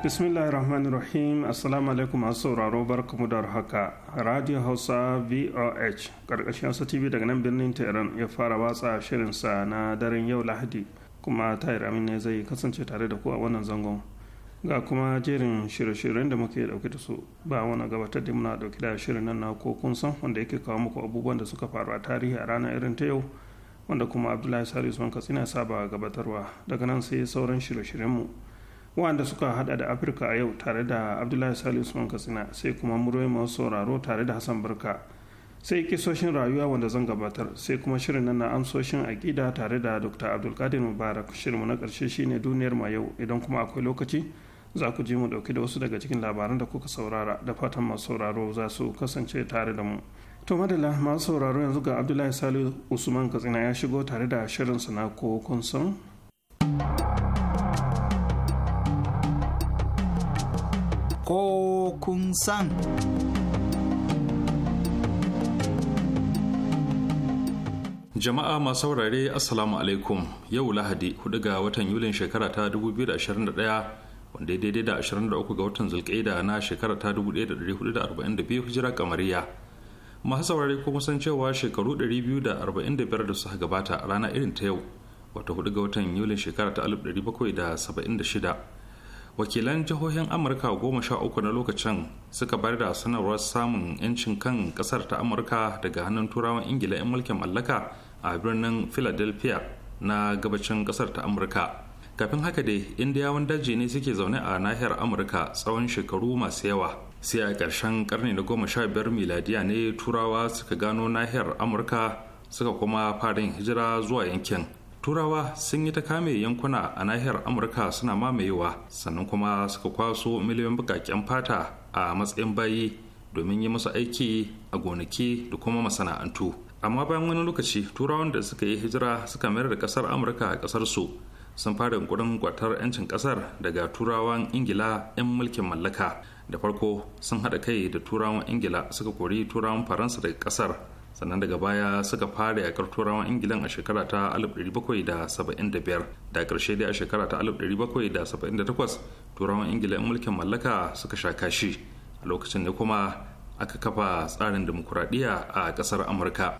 bismillahirrahmanirrahim assalamu alaikum masu sauraro barkamu da haka radio hausa voh karkashin hausa tv daga nan birnin tehran ya fara watsa shirinsa na daren yau lahadi kuma tahir amin ne zai kasance tare da ku a wannan zangon ga kuma jerin shirye-shiryen da muke dauke da su ba wani gabatar da muna dauke da shirin nan na ko kun san wanda yake kawo muku abubuwan da suka faru a tarihi a ranar irin ta yau wanda kuma abdullahi salisu katsina saba gabatarwa daga nan sai sauran shirye shiryen mu wanda suka hada da afirka a yau tare da abdullahi salisu usman katsina sai kuma muroi masu sauraro tare da hassan barka sai kisoshin rayuwa wanda zan gabatar sai kuma shirin nan na amsoshin aƙida tare da dr abdulkadir mubarak shirinmu na ƙarshe shine duniyar ma yau idan kuma akwai lokaci za ku ji mu ɗauki da wasu daga cikin labaran da kuka saurara da fatan masu sauraro za su kasance tare da mu to madalla masu sauraro yanzu ga abdullahi salihu usman katsina ya shigo tare da shirin sana ko kun san ko kun san. Jama'a masu saurare Assalamu alaikum yau Lahadi 4 ga watan Yulin shekara ta 2021 wanda daidai da 23 ga watan Zulkaida na shekara ta 1442 hijira kamariya. Masu saurare kuma san cewa shekaru 245 da suka gabata rana irin ta yau wata 4 ga watan Yulin shekara ta 1776 wakilan jihohin amurka goma sha uku na lokacin suka bar da sanarwar samun 'yancin kan kasar ta amurka daga hannun turawan ingila 'yan mulkin mallaka a birnin philadelphia na gabacin kasar ta amurka kafin haka dai indiyawan daji ne suke zaune a nahiyar amurka tsawon shekaru masu yawa sai a ƙarshen karni na goma sha biyar miladiya ne turawa suka gano nahiyar amurka suka kuma fara yin hijira zuwa yankin turawa sun yi ta kame yankuna a nahiyar amurka suna mamayewa sannan kuma suka kwaso miliyan bukaken fata a matsayin bayi domin yi musu aiki a gonaki da kuma masana'antu amma bayan wani lokaci turawan da suka yi hijira suka mayar da kasar amurka a kasar sun fara yunkurin gwatar 'yancin kasar daga turawan ingila 'yan mulkin mallaka da farko sun haɗa kai da turawan ingila suka kori turawan faransa daga kasar sannan daga baya suka fara yakar turawan ingilan a shekara ta 1775 da ƙarshe dai a shekara ta 1778 turawan ingila in mulkin mallaka suka sha kashi a lokacin da kuma aka kafa tsarin demokuraɗiyya a ƙasar amurka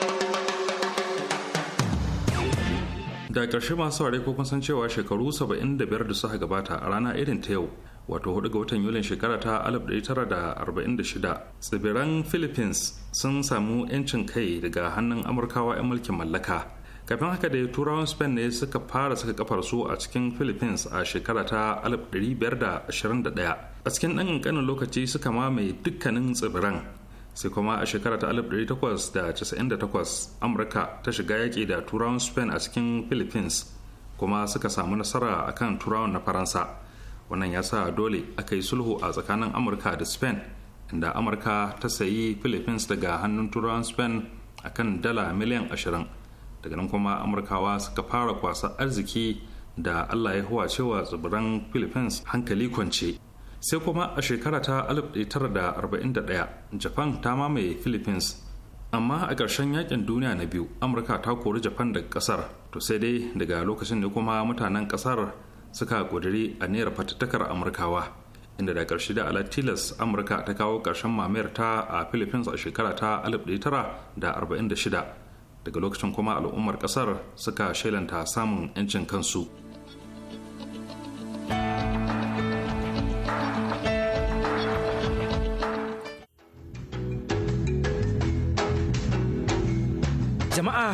da ƙarshe masu ware kun san cewa shekaru 75 da suka gabata a rana irin ta yau wato huɗu ga watan yulin shekara ta 1946 tsibiran philippines sun samu 'yancin kai daga hannun amurkawa 'yan mulkin mallaka kafin haka da turawan spain ne suka fara saka kafar su a cikin philippines a shekara ta 1521 a cikin ɗan lokaci suka mamaye dukkanin tsibiran sai kuma a shekara ta 1898 amurka ta shiga yaƙi da turawan spain a cikin philippines kuma suka samu nasara akan turawan na faransa wannan ya sa dole aka yi sulhu a tsakanin amurka da spain inda amurka ta sayi philippines daga hannun turawan spain akan dala miliyan ashirin daga nan kuma amurkawa suka fara kwasa arziki da allah ya huwa cewa tsibiran philippines hankali kwance sai kuma a shekara ta 1941 japan ta mamaye philippines amma a ƙarshen yakin duniya na biyu amurka ta kori japan daga ƙasar to sai dai daga lokacin ne kuma mutanen ƙasar suka ƙudiri a naira fatattakar amurkawa inda da ƙarshe da ala tilas amurka ta kawo ƙarshen mamayar ta a philippines a shekara ta 1946 daga lokacin kuma al'ummar ƙasar suka shailanta samun 'yancin kansu.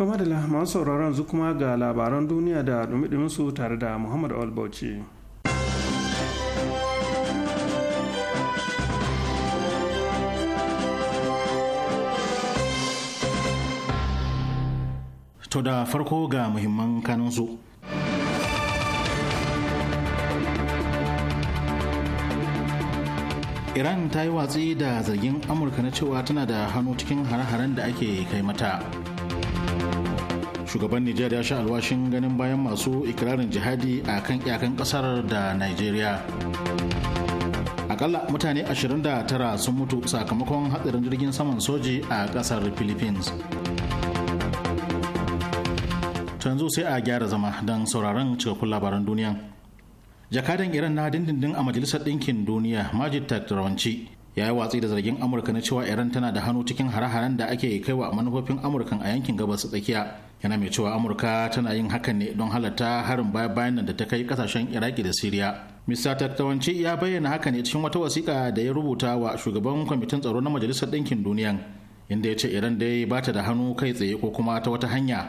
To da masu sauraron zu kuma ga labaran duniya da dumi su tare da Muhammad Awal Bauchi. To da farko ga muhimman kanunsu. Iran ta yi watsi da zargin Amurka na cewa tana da hannu cikin hare-haren da ake kai mata. shugaban nijar ya sha alwashin ganin bayan masu ikirarin jihadi a kan iyakan kasar da nigeria akalla mutane 29 sun mutu sakamakon hatsarin jirgin saman soji a kasar philippines Tanzu sai a gyara zama don sauraron cikakkun labaran duniya jakadan iran na dindindin a majalisar ɗinkin duniya majid taktarawanci ya yi watsi da zargin amurka na cewa iran tana da hannu cikin hare-haren da ake kaiwa manufofin amurka a yankin gabas tsakiya yana mai cewa amurka tana yin hakan ne don halatta harin baya bayan nan da ta kai kasashen iraki da siriya mista tattawanci ya bayyana haka ne cikin wata wasiƙa da ya rubuta wa shugaban kwamitin tsaro na majalisar ɗinkin duniya inda ya ce iran dai ba ta da hannu kai tsaye ko kuma ta wata hanya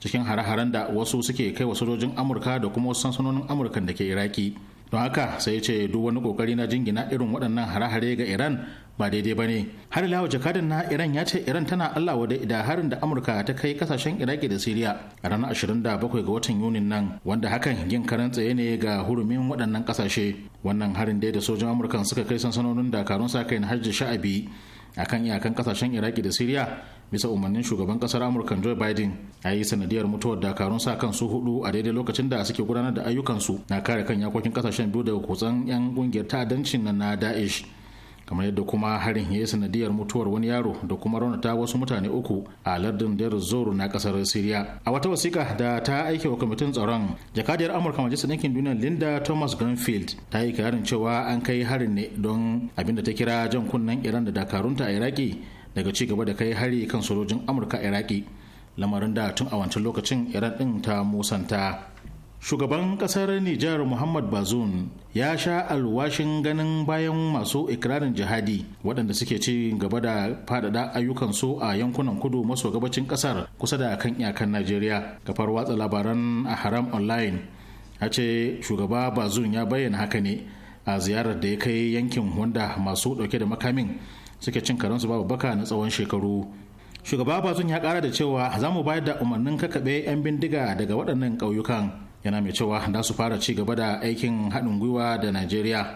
cikin hare-haren da wasu suke kai wa sojojin amurka da kuma wasu sansanonin amurkan da ke iraki don haka sai ya ce duk wani kokari na jingina irin waɗannan hare-hare ga iran ba daidai ba ne har lawa jakadan na iran ya ce iran tana allah wa da harin da amurka ta kai kasashen iraki da siriya a ranar 27 ga watan yunin nan wanda hakan yin karan tsaye ne ga hurumin waɗannan kasashe wannan harin dai da sojan amurka suka kai sansanonin dakarun sa kai na hajji sha'abi a kan iyakan kasashen iraki da siriya bisa umarnin shugaban kasar amurka joe biden ya yi sanadiyar mutuwar dakarun sa kan su hudu a daidai lokacin da suke gudanar da ayyukansu na kare kan yakokin kasashen biyu daga kutsan yan kungiyar ta'addancin na daesh kamar yadda kuma harin ya yi sanadiyar mutuwar wani yaro da kuma raunata wasu mutane uku a lardin der zoro na kasar siriya. A wata wasiƙa da ta aike wa kwamitin tsaron jakadiyar Amurka Majalisar Ɗinkin Duniya Linda Thomas Greenfield ta yi karin cewa an kai harin ne don abin da ta kira jan kunnen Iran da dakarunta a Iraki daga ci gaba da kai hari kan sojojin Amurka a Iraki. Lamarin da tun a wancan lokacin Iran ɗin ta musanta. shugaban kasar nijar muhammad bazoum ya sha alwashin ganin bayan masu ikirarin jihadi waɗanda suke ci gaba da faɗaɗa ayyukansu a yankunan kudu maso gabacin ƙasar kusa da kan iyakan najeriya kafar watsa labaran a haram online a ce shugaba bazoum ya bayyana haka ne a ziyarar da ya kai yankin wanda masu ɗauke da makamin suke cin karansu babu baka na tsawon shekaru shugaba bazoum ya ƙara da cewa za mu bayar da umarnin kakaɓe 'yan bindiga daga waɗannan ƙauyukan yana mai cewa da su fara ci gaba da aikin haɗin gwiwa da najeriya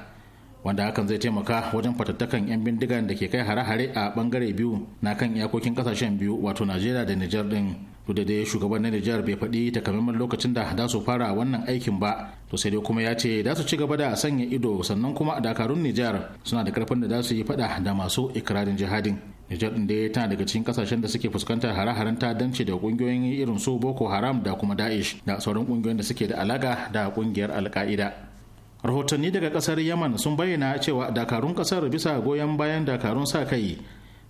wanda hakan zai taimaka wajen fatattakan 'yan bindigan da ke kai hare-hare a bangare biyu na kan iyakokin kasashen biyu wato najeriya da nijar din duk da dai shugaban na nijar bai faɗi takamaiman lokacin da da su fara wannan aikin ba to sai dai kuma ya ce da su ci gaba da sanya ido sannan kuma dakarun nijar suna da karfin da za su yi faɗa da masu ikirarin jihadin Nijar ɗin ya tana daga cikin kasashen da suke fuskantar hare-haren ta'addanci da kungiyoyin irin su Boko Haram da kuma Daesh da sauran ƙungiyoyin da suke da alaƙa da kungiyar alka'ida Rahotanni daga kasar Yaman sun bayyana cewa dakarun kasar bisa goyon bayan dakarun sa kai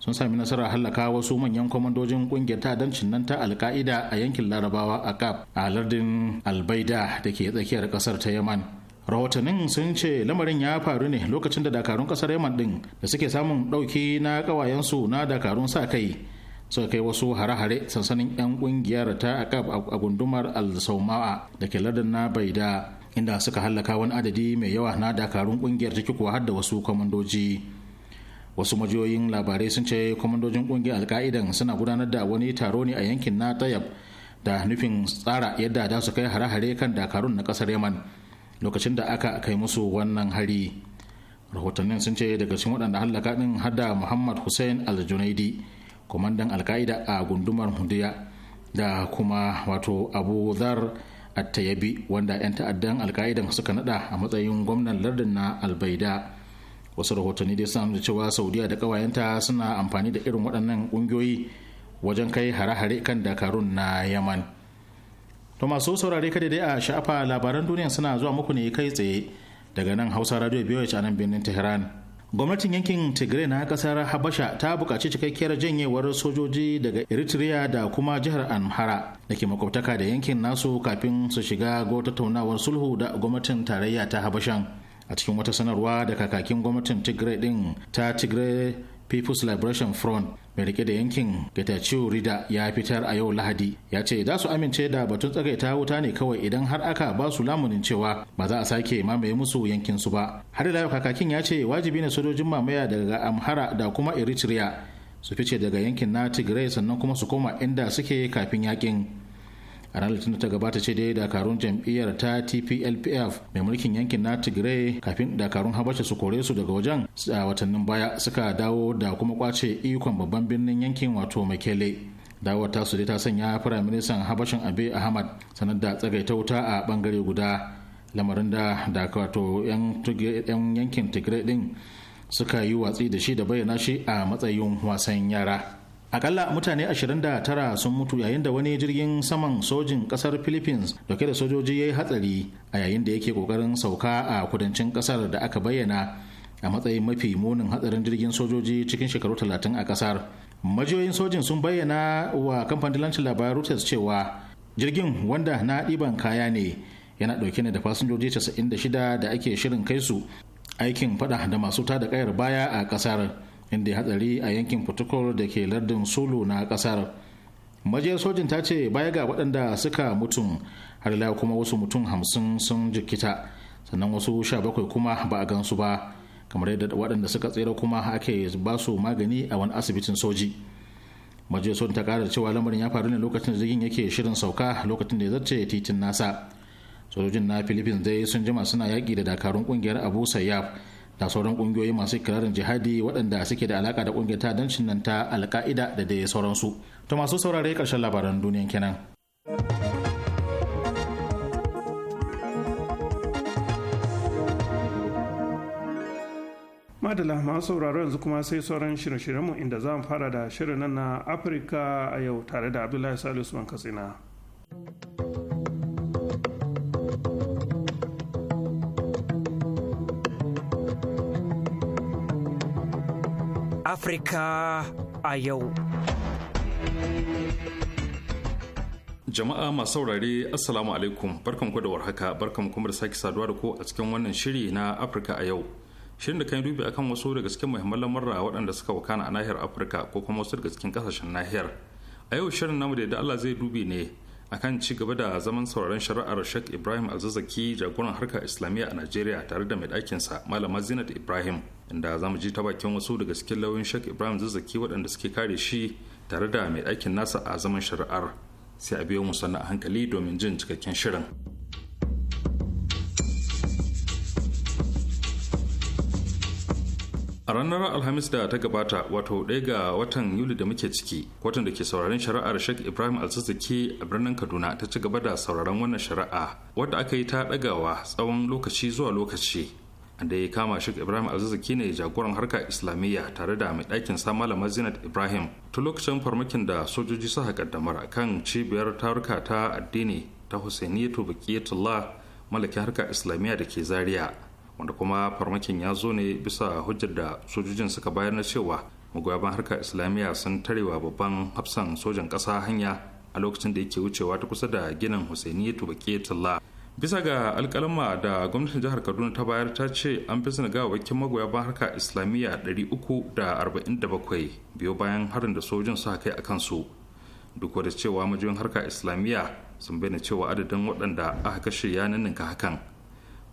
sun sami nasarar hallaka wasu manyan kwamandojin kungiyar ta'addancin nan ta alka'ida a yankin Larabawa a Kaf a lardin Albaida da ke tsakiyar kasar ta Yaman. rahotannin sun ce lamarin ya faru ne lokacin da dakarun kasar yaman din da suke samun ɗauki na kawayensu na dakarun sa kai suka kai wasu hare-hare sansanin 'yan ƙungiyar ta a gundumar al-sauma'a da ke lardin na baida inda suka hallaka wani adadi mai yawa na dakarun ƙungiyar ciki kuwa har da wasu kwamandoji wasu majiyoyin labarai sun ce kwamandojin ƙungiyar alka'idan suna gudanar da wani taro ne a yankin na tayab da nufin tsara yadda za su kai hare-hare kan dakarun na kasar yaman lokacin da aka kai musu wannan hari rahotannin sun ce daga cikin waɗanda hallaka ɗin hada muhammad hussein al-junaidi kwamandan alka'ida a gundumar hudiya da kuma wato abu zar attayabi wanda 'yan ta'addan alka'idan suka nada a matsayin gwamnan lardin na albaida wasu rahotanni dai suna cewa saudiya da kawayenta suna amfani da irin waɗannan ƙungiyoyi wajen kai hare-hare kan dakarun na yaman to masu saurare kada dai a sha'afa labaran duniya suna zuwa muku ne kai tsaye daga nan hausa radio biyu a nan birnin tehran gwamnatin yankin tigray na kasar habasha ta bukaci cikakkiyar janyewar sojoji daga eritrea da kuma jihar amhara da ke makwabtaka da yankin nasu kafin su shiga ga tattaunawar sulhu da gwamnatin tarayya ta habashan a cikin wata sanarwa da kakakin gwamnatin tigray din ta tigray people's liberation front mai rike da yankin getachew rida ya fitar a yau lahadi ya ce za su amince da batun tsagaita wuta ne kawai idan har aka ba su lamunin cewa ba za a sake mamaye musu yankin su ba har da kakakin ya ce wajibi ne sojojin mamaya daga amhara da kuma eritrea su fice daga yankin na tigray sannan kuma su koma inda suke kafin yakin a ranar litinin ta gabata ce dai dakarun jam'iyyar ta tplpf mai mulkin yankin na tigray kafin dakarun habasha su kore su daga wajen a watannin baya suka dawo da kuma kwace ikon babban birnin yankin wato makele ta su dai ta sanya firaministan habashin abe ahmad sanar da tsagaita wuta a bangare guda lamarin da da wato 'yan yankin tigray din suka yi watsi da shi da bayyana shi a matsayin wasan yara. akalla mutane 29 sun mutu yayin da wani jirgin saman sojin kasar philippines dauke da sojoji ya yi hatsari a yayin da yake kokarin sauka a kudancin kasar da aka bayyana a matsayin mafi munin hatsarin jirgin sojoji cikin shekaru 30 a kasar majiyoyin sojin sun bayyana wa kamfanin lancin labarai reuters cewa jirgin wanda na ɗiban kaya ne yana ɗauke ne da fasinjoji 96 da ake shirin kai su aikin fada da masu tada kayar baya a kasar inda ya hatsari a yankin portugal da ke lardin sulu na kasar majiyar sojin ta ce baya ga waɗanda suka mutum har ila kuma wasu mutum hamsin sun jikita sannan wasu sha bakwai kuma ba a gansu ba kamar yadda waɗanda suka tsira kuma ake ba su magani a wani asibitin soji majiyar sojin ta ƙara cewa lamarin ya faru ne lokacin da jirgin yake shirin sauka lokacin da ya zarce titin nasa sojojin na philippines dai sun jima suna yaƙi da dakarun ƙungiyar abu sayyaf da sauran kungiyoyi masu kirarin jihadi waɗanda suke da alaka da kungiyar ta'addancin nan ta alka'ida da dai sauransu to masu saurare ƙarshen labaran duniyan kenan madala masu sauraro yanzu kuma sai sauran shirye-shiryenmu inda za mu fara da shirin nan na afirka a yau tare da abdullahi salisu katsina. katsina Afirka a yau. Jama'a masu saurare Assalamu alaikum barkan ku da warhaka barkan kuma da sake saduwa da ku a cikin wannan shiri na Afirka a yau. Shirin da kan dubi akan wasu daga cikin muhimman lamarra waɗanda suka wakana a nahiyar Afirka ko kuma wasu daga cikin ƙasashen nahiyar. A yau shirin namu da Allah zai dubi ne akan ci gaba da zaman sauraron shari'ar Sheikh Ibrahim Alzazzaki jagoran harkar Islamiyya a Najeriya tare da mai ɗakin sa Malama Zinat Ibrahim inda zamu ji ta bakin wasu daga cikin lauyoyin Sheikh Ibrahim Alzazzaki waɗanda suke kare shi tare da mai ɗakin nasa a zaman shari'ar sai a biyo mu sannan a hankali domin jin cikakken shirin. ranar alhamis da ta gabata wato ɗaya ga watan yuli da muke ciki watan da ke sauraron shari'ar shek ibrahim alzazzaki a birnin kaduna ta ci gaba da sauraron wannan shari'a wadda aka yi ta ɗagawa tsawon lokaci zuwa lokaci da ya kama shek ibrahim alzazzaki ne jagoran harkar islamiyya tare da mai ɗakin sa malamar zinat ibrahim ta lokacin farmakin da sojoji suka kaddamar kan cibiyar taruka ta addini ta husainiyatu baqiyatullah malakin harkar islamiyya da ke Zariya. wanda kuma farmakin ya zo ne bisa hujjar da sojojin suka bayar na cewa magoyaban harkar islamiyya sun tarewa babban hafsan sojan ƙasa hanya a lokacin da yake wucewa ta kusa da ginin husaini tubaki talla bisa ga alkalama da gwamnatin jihar kaduna ta bayar ta ce an fi suna gawakin magoya ban harka islamiyya 347 biyo bayan harin da sojin suka kai a kansu duk da cewa majiyoyin harkar islamiyya sun bayyana cewa adadin waɗanda aka kashe ya ninninka hakan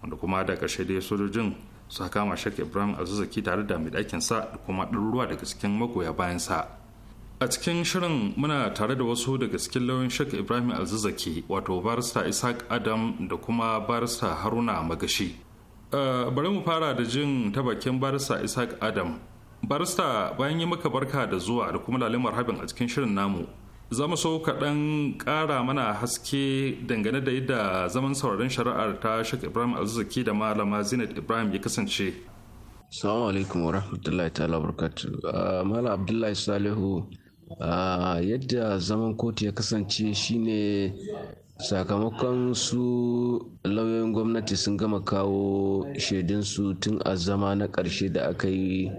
wanda kuma da ƙarshe dai sojojin su kama shek ibrahim azuzaki tare da mai sa da kuma ɗaruruwa daga cikin magoya bayan sa a cikin shirin muna tare da wasu daga cikin lauyan shek ibrahim azuzaki wato barista isaac adam da kuma barista haruna magashi bari mu fara da jin ta bakin barista isaac adam barista bayan yi maka barka da zuwa da kuma lalimar habin a cikin shirin namu Zama mu so kaɗan ƙara mana haske dangane da yadda zaman sauraron shari'ar ta Sheikh Ibrahim Alzaki da malama Zinat Ibrahim ya kasance. Assalamu alaikum wa rahmatullahi ta'ala ah, malam Abdullahi Salihu ah, yadda zaman kotu ya kasance shine sakamakon su lauyoyin gwamnati sun gama kawo shaidunsu tun a zama na ƙarshe da aka yi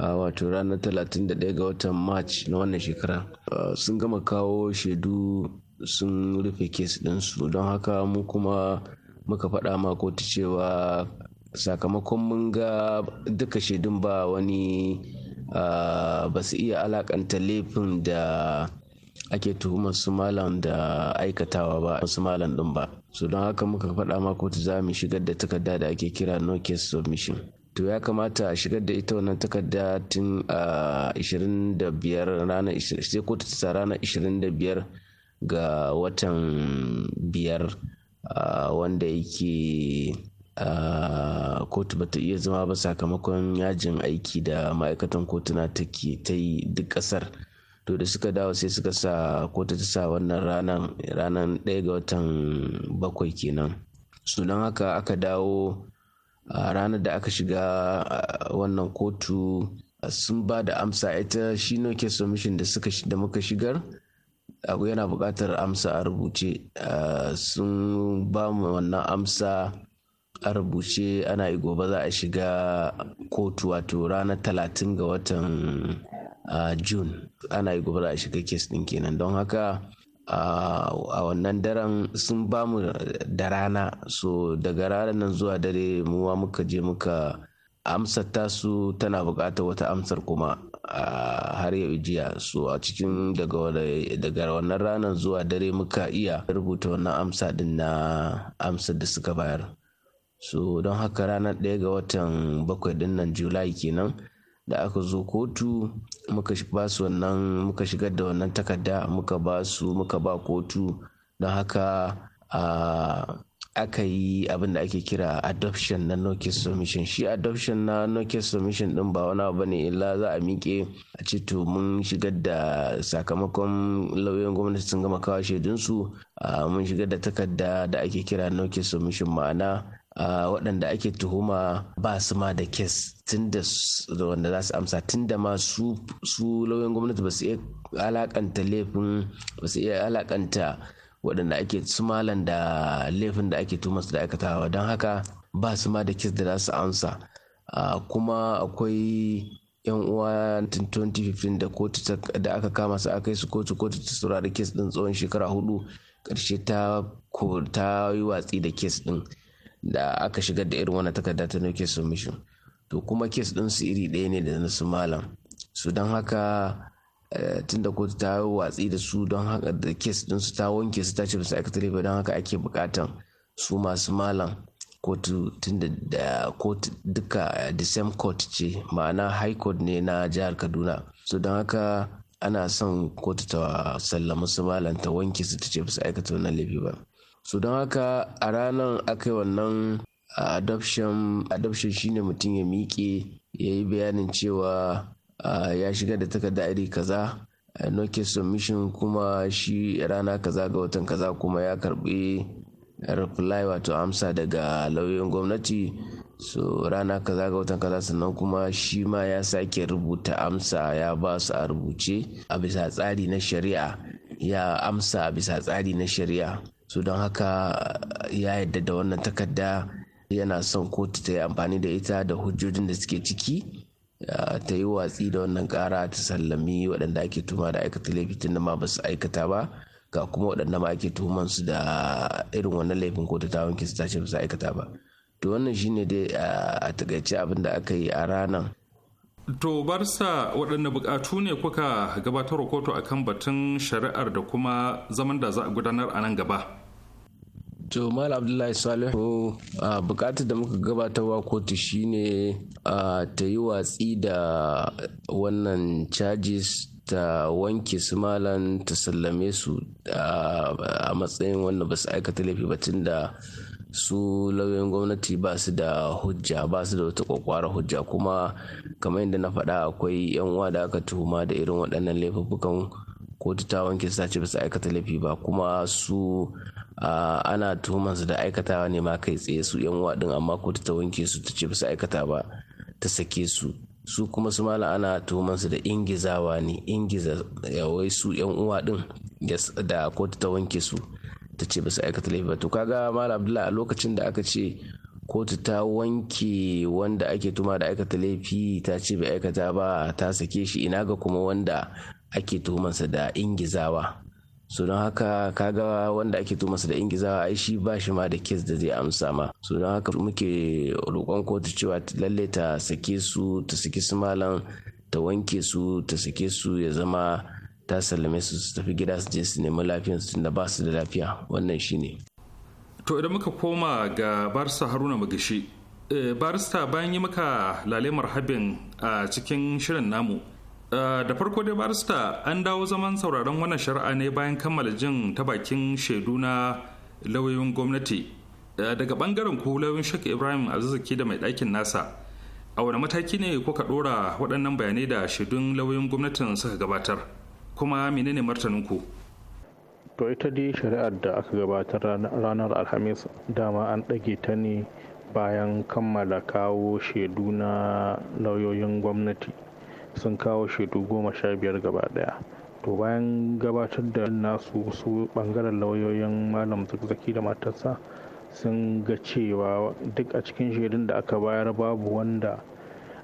A wato ranar ɗaya ga watan march na wannan shekara sun gama kawo shaidu sun rufe kes ɗinsu don haka mu kuma muka faɗa ma kotu cewa sakamakon mun ga duka shaidun ba wani ba su iya alakanta laifin da ake tuhumar su malam da aikatawa ba su malam ɗin ba su don haka muka faɗa ma kotu za mu shigar da takarda da ake kira no case submission to ya kamata a shigar da ita wannan takarda tun a 25 ranar sai kotu ta ranar 25 ga watan biyar wanda yake kotu bata iya zama ba sakamakon yajin aiki da ma'aikatan kotuna ke ta yi duk kasar to da suka dawo sai suka sa kotu ta sa wannan ranar ranar ɗaya ga watan bakwai kenan su haka aka dawo ranar da aka shiga wannan kotu sun ba da amsa ita shi ne case submission da suka da muka shigar abu yana buƙatar amsa a rubuce sun ba mu wannan amsa a rubuce ana yi gobe za a shiga kotu wato ranar talatin ga watan june ana yi gobe za a shiga kes ɗin kenan don haka a wannan daren sun ba mu da rana so daga ranar nan zuwa dare muwa muka je muka amsar tasu tana buƙatar wata amsar kuma har yau jiya so a cikin daga wannan ranar zuwa dare muka iya rubuta wannan amsa din na amsar da suka bayar so don haka ranar ɗaya ga watan bakwai din nan julai kenan da aka zo kotu muka ba su wannan muka shigar da wannan takarda muka ba su muka ba kotu don haka aka yi abin da ake kira adoption na no submission shi adoption na no submission din ba wani abu ne illa za a miƙe a ce to mun shigar da sakamakon lauyoyin gwamnati sun gama kawo shaidunsu mun shigar da takarda da ake kira no submission ma'ana waɗanda ake tuhuma ba su ma da kes tun da wanda za su amsa tun da ma su lauyan gwamnati ba su iya alakanta laifin ba su iya alakanta waɗanda ake sumalan da laifin da ake tuhuma su da aikatawa don haka ba su ma da kes da za su amsa kuma akwai yan uwa 2015 da kotu da aka kama su aka yi su kotu kotu ta saurari kes din tsawon shekara hudu karshe ta ta yi watsi da kes din da aka shigar da irin wannan takarda ta noke submission to kuma kes din su iri ɗaya ne da na su malam su don haka eh, tunda kotu ta yi watsi da su don haka da kes din su ta wanke su ta ce ba su aikata laifi don haka ake bukatan su masu malam kotu tunda da kotu duka eh, the same court ce ma'ana high court ne na jihar kaduna so don haka ana son kotu ta sallama su malam ta wanke su ta ce ba su aikata wannan laifi ba so don haka a ranar aka yi wannan adoption shine mutum ya miƙe ya yi bayanin cewa ya shiga da takarda iri kaza no case submission kuma shi rana kaza ga watan kaza kuma ya karbi reply wato amsa daga lauyoyin gwamnati so rana kaza ga watan kaza sannan kuma shi ma ya sake rubuta amsa ya ba su a rubuce a bisa tsari na shari'a ya amsa a bisa tsari na shari'a su don haka ya yadda da wannan takarda yana son kotu ta yi amfani da ita da hujjojin da suke ciki ta yi watsi da wannan kara ta sallami waɗanda ake tuma da aikata laifin ma ba su aikata ba ga kuma waɗanda ma ake tuman su da irin wannan laifin kotu ta wanke su ta ba su aikata ba to wannan shine dai a takaice abin da aka yi a ranar To barsa waɗanne buƙatu ne kuka gabatar kotu akan batun shari'ar da kuma zaman da za a gudanar a nan gaba? to mal abdullahi salihu a bukatar da muka gabatarwa kotu shine a ta yi watsi da wannan charges ta wanke su malan ta sallame su a matsayin wanda ba su aikata laifi ba tun da su lauyoyin gwamnati ba su da hujja ba su da wata kwakwara hujja kuma kamar yadda na faɗa akwai yan uwa da aka tuhuma da irin waɗannan laifuffukan kotu ta wanke su ta ce ba su aikata laifi ba kuma su Ah, ana tuhumar su da aikatawa ne ma kai tsaye su yan uwa amma kotu ta wanke su ta ce ba su aikata ba ta sake su su kuma su mala ana tuhumar su da ingizawa ne ingiza ya eh, wai su yan uwa din da kotu ta wanke su ta ce ba su aikata laifi ba to kaga mala abdullahi a lokacin da aka ce kotu ta wanke wanda ake tuma da aikata laifi ta ce bai aikata ba ta sake shi ina ga kuma wanda ake tuhumarsa da ingizawa so don haka kaga wanda ake to da ingizawa ai shi ba shi ma da kes da zai amsa ma so don haka muke roƙon kotu cewa lalle ta sake su ta saki su malam ta wanke su ta sake su ya zama ta sallame su su tafi gida su je su nemi lafiyan su da ba su da lafiya wannan shine to idan muka koma ga barista haruna magashi eh, barista bayan yi maka lalemar habin a cikin shirin namu Eh, da farko dai barista an dawo zaman sauraron wannan shari'a ne bayan kammala jin ta bakin shaidu na lauyoyin gwamnati eh, daga bangaren ku lauyoyin shak ibrahim azizaki da mai ɗakin nasa a wani mataki ne kuka ɗora waɗannan bayanai da shaidun lauyoyin gwamnatin suka gabatar kuma menene martanin ku to ita dai shari'ar da aka gabatar ranar alhamis dama an ɗage ta ne bayan kammala kawo shaidu na lauyoyin gwamnati sun kawo shaidu goma sha biyar gaba daya to bayan gabatar da nasu su bangaren lauyoyin malam zakzaki da matarsa sun ga cewa duk a cikin shaidun da aka bayar babu wanda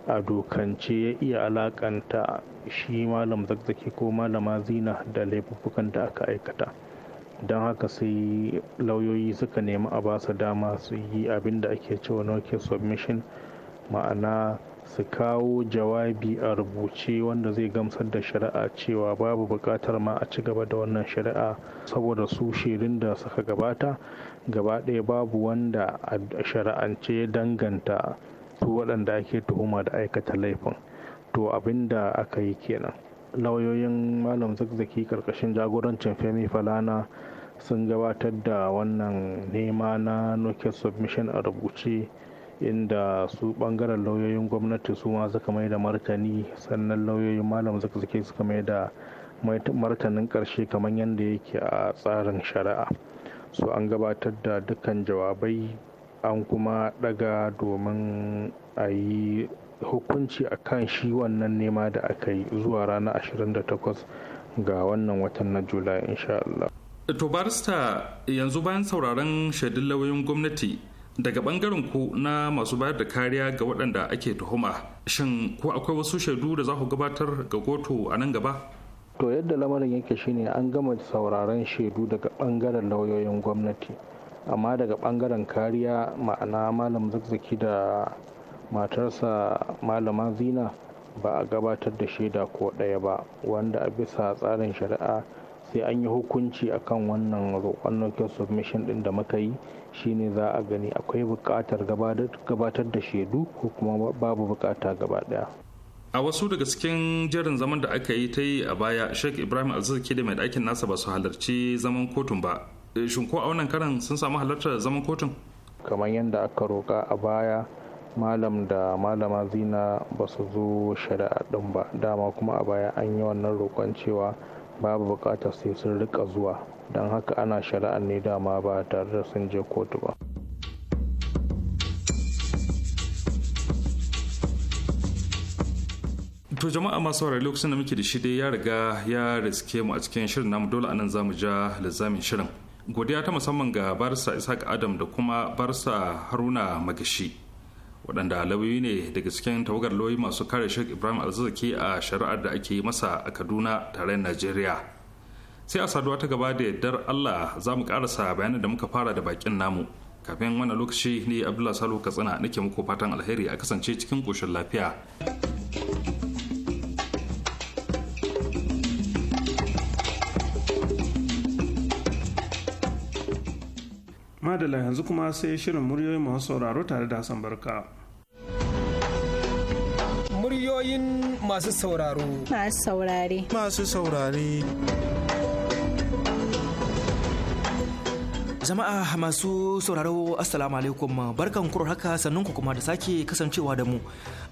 a dokance ya iya alakanta shi malam zakzaki ko malama zina da laifukan da aka aikata don haka sai lauyoyi suka nemi a basa dama su yi abin da ake cewa noke submission ma'ana su kawo jawabi a rubuce wanda zai gamsar da shari'a cewa babu buƙatar ma a ci gaba da wannan shari'a saboda su shirin da suka gabata gaba ɗaya babu wanda a shari'ance ya danganta su waɗanda ake tuhuma da aikata laifin to abin da aka yi kenan lauyoyin malam zakzaki karkashin jagorancin femi falana sun gabatar da wannan nema na nokia submission a rubuce inda su bangaren lauyoyin gwamnati su ma suka mai da martani sannan lauyoyin malam suka suke suka mai da martanin karshe kamar yadda yake a tsarin shari'a su an gabatar da dukkan jawabai an kuma daga domin a yi hukunci a kan shi wannan nema da aka yi zuwa ranar 28 ga wannan watan na julai insha'Allah. Allah. to barista yanzu bayan sauraron shaidun lauyoyin gwamnati daga bangaren ku na masu bayar da kariya ga waɗanda ake tuhuma shin ko akwai wasu shaidu da za ku gabatar ga kotu a nan gaba to yadda lamarin yake shine an gama sauraron shaidu daga bangaren lauyoyin gwamnati amma daga bangaren kariya ma'ana malam zakzaki da matarsa malama zina ba a gabatar da shaida ko ɗaya ba wanda a bisa tsarin shari'a sai an yi hukunci akan wannan roƙon nokin submission ɗin da muka yi shine za a gani akwai buƙatar gabatar da shaidu ko kuma babu buƙata gaba ɗaya a wasu daga cikin jerin zaman da aka yi ta yi a baya sheikh ibrahim ke da mai ɗakin nasa ba su halarci zaman kotun ba eh, shin ko a wannan karan sun samu halartar zaman kotun kamar yadda aka roƙa a baya malam da malama zina ba su zo shari'a ɗin ba dama kuma a baya an yi wannan roƙon cewa babu buƙatar sai sun rika zuwa don haka ana shari'ar ne dama ba tare da sun je kotu ba to jama'a masu wara lokacin da muke da shi dai ya riga ya riske mu a cikin shirin namu dole anan zamu ja lizamin shirin godiya ta musamman ga barsa isaac adam da kuma barsa haruna magashi waɗanda lauyoyi ne daga cikin tawagar lauyoyi masu kare shek ibrahim alzazaki a shari'ar da ake masa a kaduna tare najeriya sai a saduwa ta gaba da yardar Allah za mu karasa bayanan da muka fara da bakin namu kafin wani lokaci ne Abdullah Salo Katsina nake muku fatan alheri a kasance cikin koshin lafiya. Madala yanzu kuma sai shirin muryoyin masu sauraro tare da Hassan Barka. Muryoyin masu sauraro. Masu saurare. Masu saurare. Jama'a masu sauraro Assalamu alaikum barkan kuro haka sannan ku kuma da sake kasancewa da mu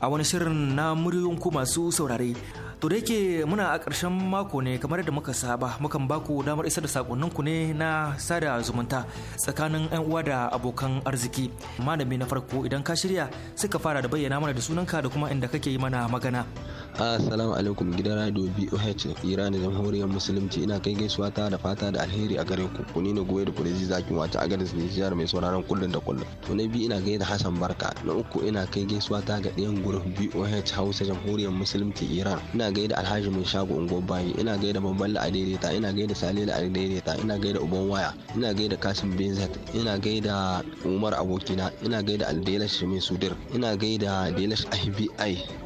a wani shirin na muryoyin masu saurare. To da yake muna a ƙarshen mako ne kamar da muka saba mukan baku damar isar da sakonninku ne na sada zumunta tsakanin 'yan uwa da abokan arziki. Malami na farko idan ka shirya sai ka fara da bayyana mana da sunanka da kuma inda kake yi mana magana. Assalamu alaikum gidan radio BOH Iran Jamhuriyar Musulunci ina kai gaisuwa ta da fata da alheri a gare ku. Ku ne goye da ku rafin wata agadis ne jihar mai sauraron kullum da kullum to na biyu ina gaida hassan barka na uku ina kai gaisuwa ta ga ɗayan gurin boh hausa jamhuriyar musulunci iran ina gaida alhaji mai shago unguwar bayi ina gaida babban adaidaita ina gaida salila adaidaita ina gaida uban waya ina gaida kasim benzat ina gaida umar abokina ina gaida aldelash mai sudir ina gaida delash ibi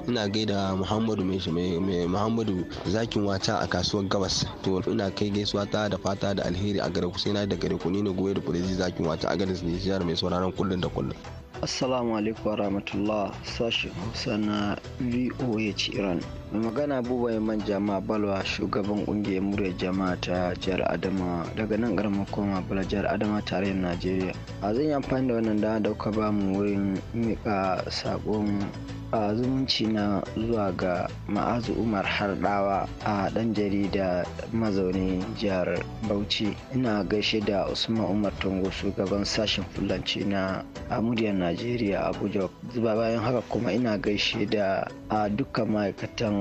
ina gaida muhammadu mai muhammadu zakin wata a kasuwar gabas to ina kai gaisuwa ta da fata da alheri a gare ku sai na da gare ku ne akwai da furezi zakin ganin agaris jihar mai sauraron kullum da kullum assalamu alaikum wa rahmatullah sashen hausa na voh iran mai magana buba ya manja ma balwa shugaban ƙungiyar muryar jama'a ta jihar adama daga nan ƙaramin koma bala jihar adama tarayyar najeriya a zan yi amfani da wannan dama da kuka bamu wurin mika saƙon a zumunci na zuwa ga ma'azu umar harɗawa a ɗan jarida mazaunin jihar bauchi ina gaishe da usman umar tango shugaban sashen fulanci na amuriyar najeriya abuja Zuba bayan haka kuma ina gaishe da a dukkan ma'aikatan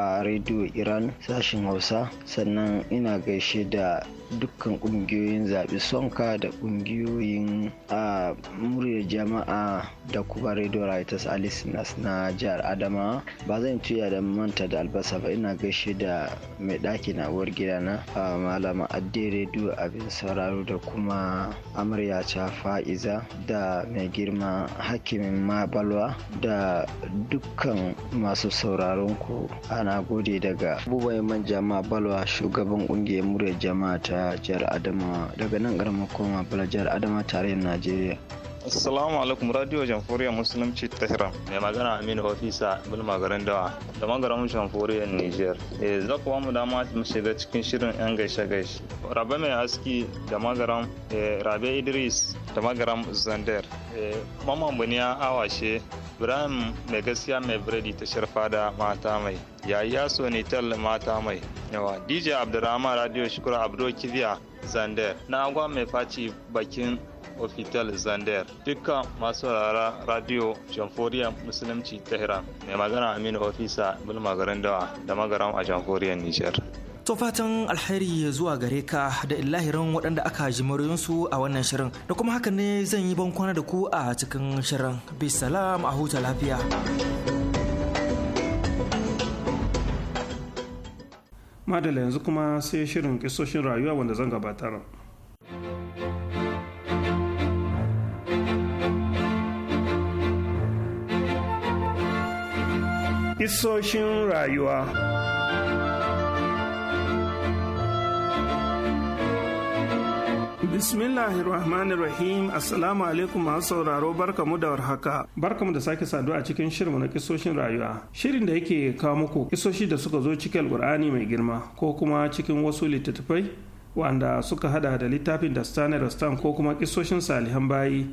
a rediyo iran sashin hausa sannan ina gaishe da dukkan ƙungiyoyin zaɓi sonka da ƙungiyoyin a muryar jama'a da kuma radio writers alicenas na jihar adama ba zan tuya da manta da albasa ba ina gaishe da mai ɗaki na uwar na a malama adde radio abin sauraro da kuma amarya ta fa'iza da mai girma hakimin mabalwa da dukkan masu sauraron ku ana gode daga abubuwan manja mabalwa shugaban ƙungiyar muryar jama'a ta jihar adama daga nan karamar koma bala jihar adama tarayyar najeriya Assalamu alaikum Radio Jamhuriyar Musulunci Tehran. Mai magana Aminu Ofisa Bulma garin Dawa da magaran Jamhuriyar Niger. Eh za ku mu dama mu shiga cikin shirin yan gaishe gaishe. Rabe mai aski da magaran eh, Rabe Idris da magaran Zander. Eh, Mama Buniya Awashe Ibrahim mai gaskiya mai biredi ta sharfa da mata mai. Yaya Sonitel mata mai. Yawa DJ Abdurrahman Radio Shukura Abdo Kibiya Zander. Na agwa mai faci bakin Ofital Zander. Dukkan masu rara radio jamforiya Musulunci Tehran. Mai magana Aminu Ofisa Bulma garin dawa da magaram a Jamhuriyar Nijar. To fatan alheri zuwa gare ka da illahirin waɗanda aka ji su a wannan shirin da kuma haka ne zan yi kwana da ku a cikin shirin. Bisalam a huta lafiya. Madala yanzu kuma sai shirin kisoshin rayuwa wanda zan gabatar. Isoshin rayuwa. Bismillahir Rahmanir Rahim Assalamu alaikum masu sauraro barkamu da warhaka barkamu da sake sadu a cikin shirin na kisoshin rayuwa shirin da yake kawo muku kisoshi da suka zo cikin alkur'ani mai girma ko kuma cikin wasu littattafai wanda suka hada da littafin da Stanley Rastan ko kuma kisoshin salihan bayi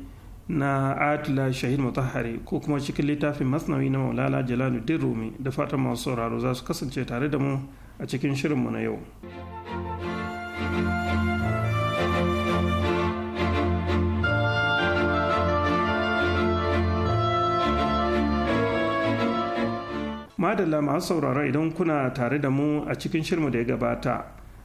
na atila shahid mutahari ko kuma cikin littafin masnawi na maulana jalaluddin rumi da fatan masu sauraro za su kasance tare da mu a cikin shirinmu na yau madalla masu sauraro idan kuna tare da mu a cikin shirinmu da ya gabata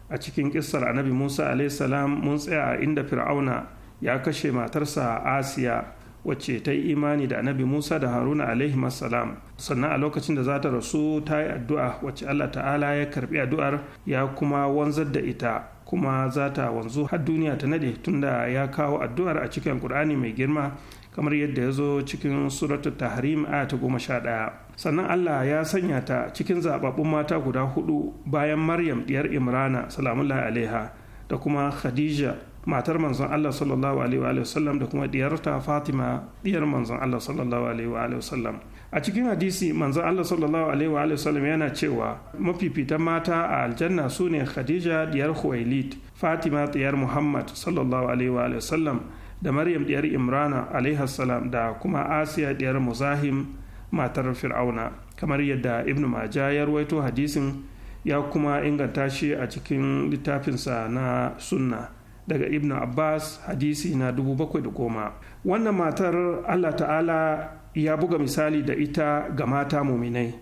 a cikin kissar annabi musa a.s. mun tsaya a inda fir'auna ya kashe matarsa asiya wacce ta yi imani da annabi musa da haruna alaihi salam sannan a lokacin da za ta rasu ta yi addu'a wacce allah ta'ala ya karbi addu'ar ya kuma wanzar da ita kuma za ta wanzu har duniya ta nade tunda ya kawo addu'ar a cikin qur'ani mai girma kamar yadda ya zo cikin suratu tahrim a ta goma sha ɗaya sannan allah ya sanya ta cikin zababbun mata guda hudu bayan maryam diyar imrana salamullahi alaiha da kuma khadija matar manzon Allah sallallahu alaihi wa sallam da kuma diyarta Fatima diyar manzon Allah sallallahu alaihi wa sallam a cikin hadisi manzon Allah sallallahu alaihi wa sallam yana cewa mafifitan mata a aljanna sune Khadija diyar Khuwailid Fatima diyar Muhammad sallallahu alaihi wa sallam da Maryam diyar Imrana alaiha salam da kuma Asiya diyar Muzahim matar Fir'auna kamar yadda Ibn Majah ya rawaito hadisin ya kuma inganta shi a cikin littafinsa na sunna daga ibn abbas hadisi na dubu bakwai da goma wannan matar allah ta'ala ya buga misali da ita ga mata muminai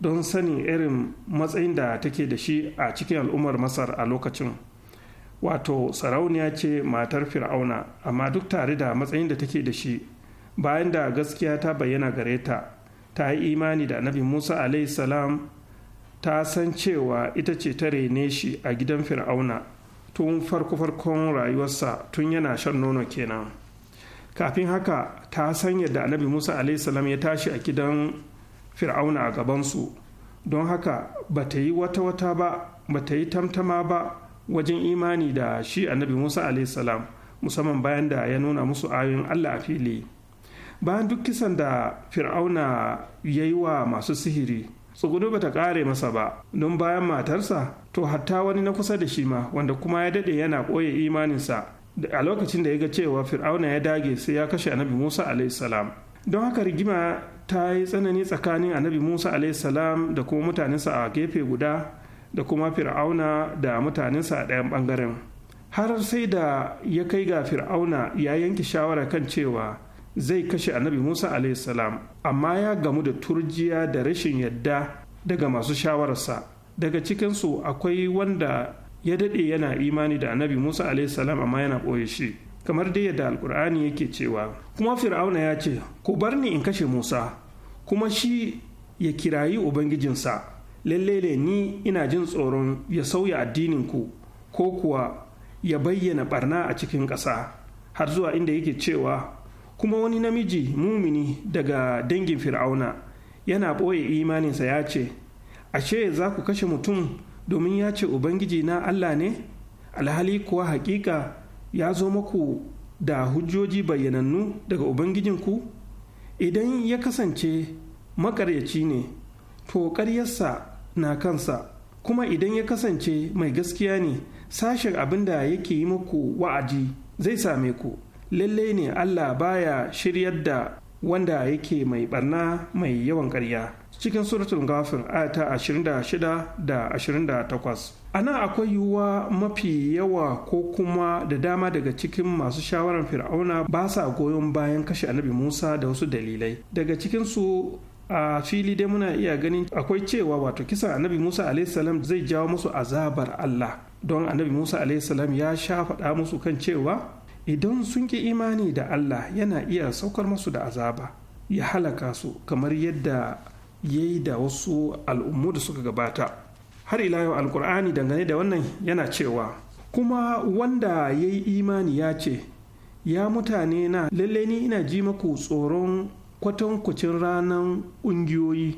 don sani irin matsayin da take da shi a cikin al'ummar masar a lokacin wato sarauniya ce matar fir'auna amma duk tare da matsayin da take da shi bayan da gaskiya ta bayyana gare ta ta yi imani da annabi musa salam ta san cewa ita ce ta rene shi a gidan fir'auna tun farko-farkon rayuwarsa tun yana shan nono kenan kafin haka ta san yadda anabi musa salam ya tashi a gidan fir'auna a gabansu don haka ba ta yi wata-wata ba ba ta yi tamtama ba wajen imani da shi annabi musa salam musamman bayan da ya nuna musu ayoyin allah a fili bayan duk kisan da fir'auna ya yi wa masu sihiri tsugudu ba ta kare masa ba don bayan matarsa to hatta wani na kusa da shi ma wanda kuma ya dade yana ɓoye imaninsa a lokacin da ya ga cewa fir'auna ya dage sai ya kashe annabi musa alaihissalam don haka rigima ta yi tsanani tsakanin annabi musa alaihissalam da kuma mutanensa a gefe guda da kuma fir'auna da mutanensa a ɗayan ɓangaren har sai da ya kai ga fir'auna ya yanke shawara kan cewa zai kashe annabi musa alaihissalam amma ya gamu da turjiya da rashin yadda daga masu shawararsa daga cikinsu akwai wanda ya daɗe yana imani da annabi musa salam amma yana ɓoye shi kamar dai yadda alkur'ani yake cewa kuma fir'auna ya ce ku bar ni in kashe musa kuma shi ya kirayi ubangijinsa lallele ni ina jin tsoron ya sauya addininku ko kuwa ya bayyana barna a cikin ƙasa har zuwa inda yake cewa kuma wani namiji mumini daga dangin fir'auna yana ɓoye imaninsa ya ce ashe za ku kashe mutum domin ya ce ubangiji na allah ne alhali kuwa hakika ya zo maku da hujjoji bayyanannu daga ubangijinku idan ya kasance makaryaci ne to karyarsa na kansa kuma idan ya kasance mai gaskiya ne sashen abin da yake yi muku wa'aji zai same ku lalle ne allah baya shiryar da wanda yake mai barna mai yawan karya cikin suratul gafin ayata 26 da 28 ana akwai yiwuwa mafi yawa ko kuma da dama daga cikin masu shawarar fir'auna ba sa goyon bayan kashe annabi musa da wasu dalilai daga cikinsu a fili dai muna iya ganin akwai cewa wato kisan annabi musa salam zai jawo musu azabar allah don annabi musa salam ya sha faɗa musu kan cewa idan sun ki imani da allah yana iya saukar musu da azaba ya halaka su kamar yadda ya yi da wasu al'ummu da suka gabata har ila yau alkur'ani dangane da wannan yana cewa kuma wanda ya yi imani ya ce ya mutane na lalle ni ina ji maku tsoron kwatankwacin ranar ƙungiyoyi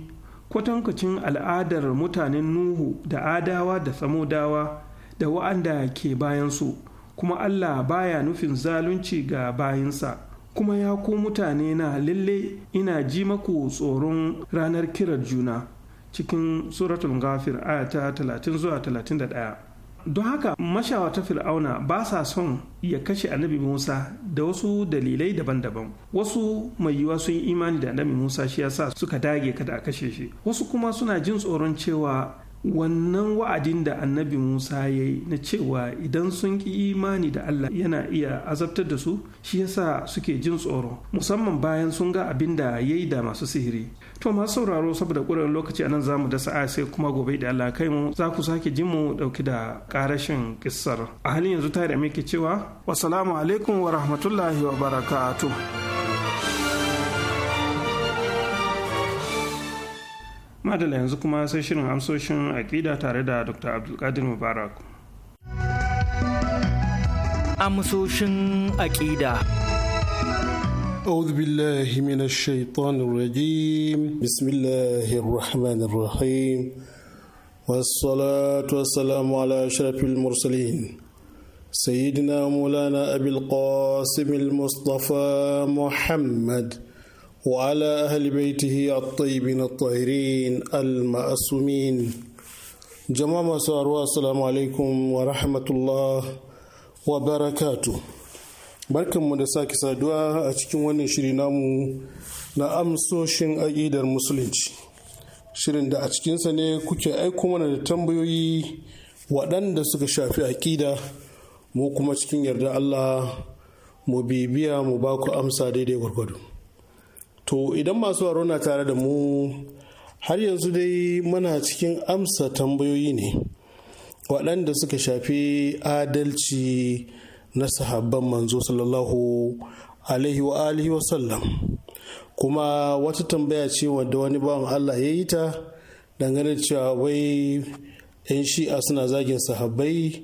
kwatankwacin al'adar mutanen nuhu da adawa da samodawa da wa'anda ke bayansu kuma allah baya nufin zalunci ga bayinsa kuma ya ku mutane na lalle ina ji maku tsoron ranar kirar juna cikin suratul ghafir aya ta 30 zuwa 31 don haka mashawata fir'auna ba sa son ya kashe annabi musa da wasu dalilai daban-daban wasu mai yiwuwa sun imani da annabi musa shi yasa suka dage kada a kashe shi wasu kuma suna jin tsoron cewa wannan wa'adin da annabi musa ya yi na cewa idan sun ki imani da allah yana iya azabtar da su shi yasa suke jin tsoro musamman bayan sun ga abin da ya yi da masu sihiri to masu sauraro saboda ƙuran lokaci a nan za mu dasa sai kuma gobe da allah kai mu za ku sake jin mu ɗauki da ƙarashin kissar a halin yanzu ta da muke cewa wasalamu alaikum wa rahmatullahi wa barakatuh madalla yanzu kuma sai shirin amsoshin aƙida tare da dr abdulkadir mubarak amsoshin aƙida أعوذ بالله من الشيطان الرجيم بسم الله الرحمن الرحيم والصلاة والسلام على أشرف المرسلين سيدنا مولانا أبي القاسم المصطفى محمد وعلى أهل بيته الطيبين الطاهرين المأسومين جماعة ساروا السلام عليكم ورحمة الله وبركاته barkanmu da sake saduwa a cikin wannan shiri namu na amsoshin aƙidar musulunci shirin da a cikinsa ne kuke aiko mana da tambayoyi waɗanda suka shafi aƙida mu kuma cikin yarda allah mu bibiya mu ba ku amsa daidai gwargwado to idan masu waro na tare da mu har yanzu dai muna cikin amsa tambayoyi ne waɗanda suka shafi adalci na sahabban manzo sallallahu alaihi wa alihi wasallam kuma wata tambaya ce wadda wani bawan Allah ya yi ta dangane cewa wai 'yan shi'a suna zagin sahabbai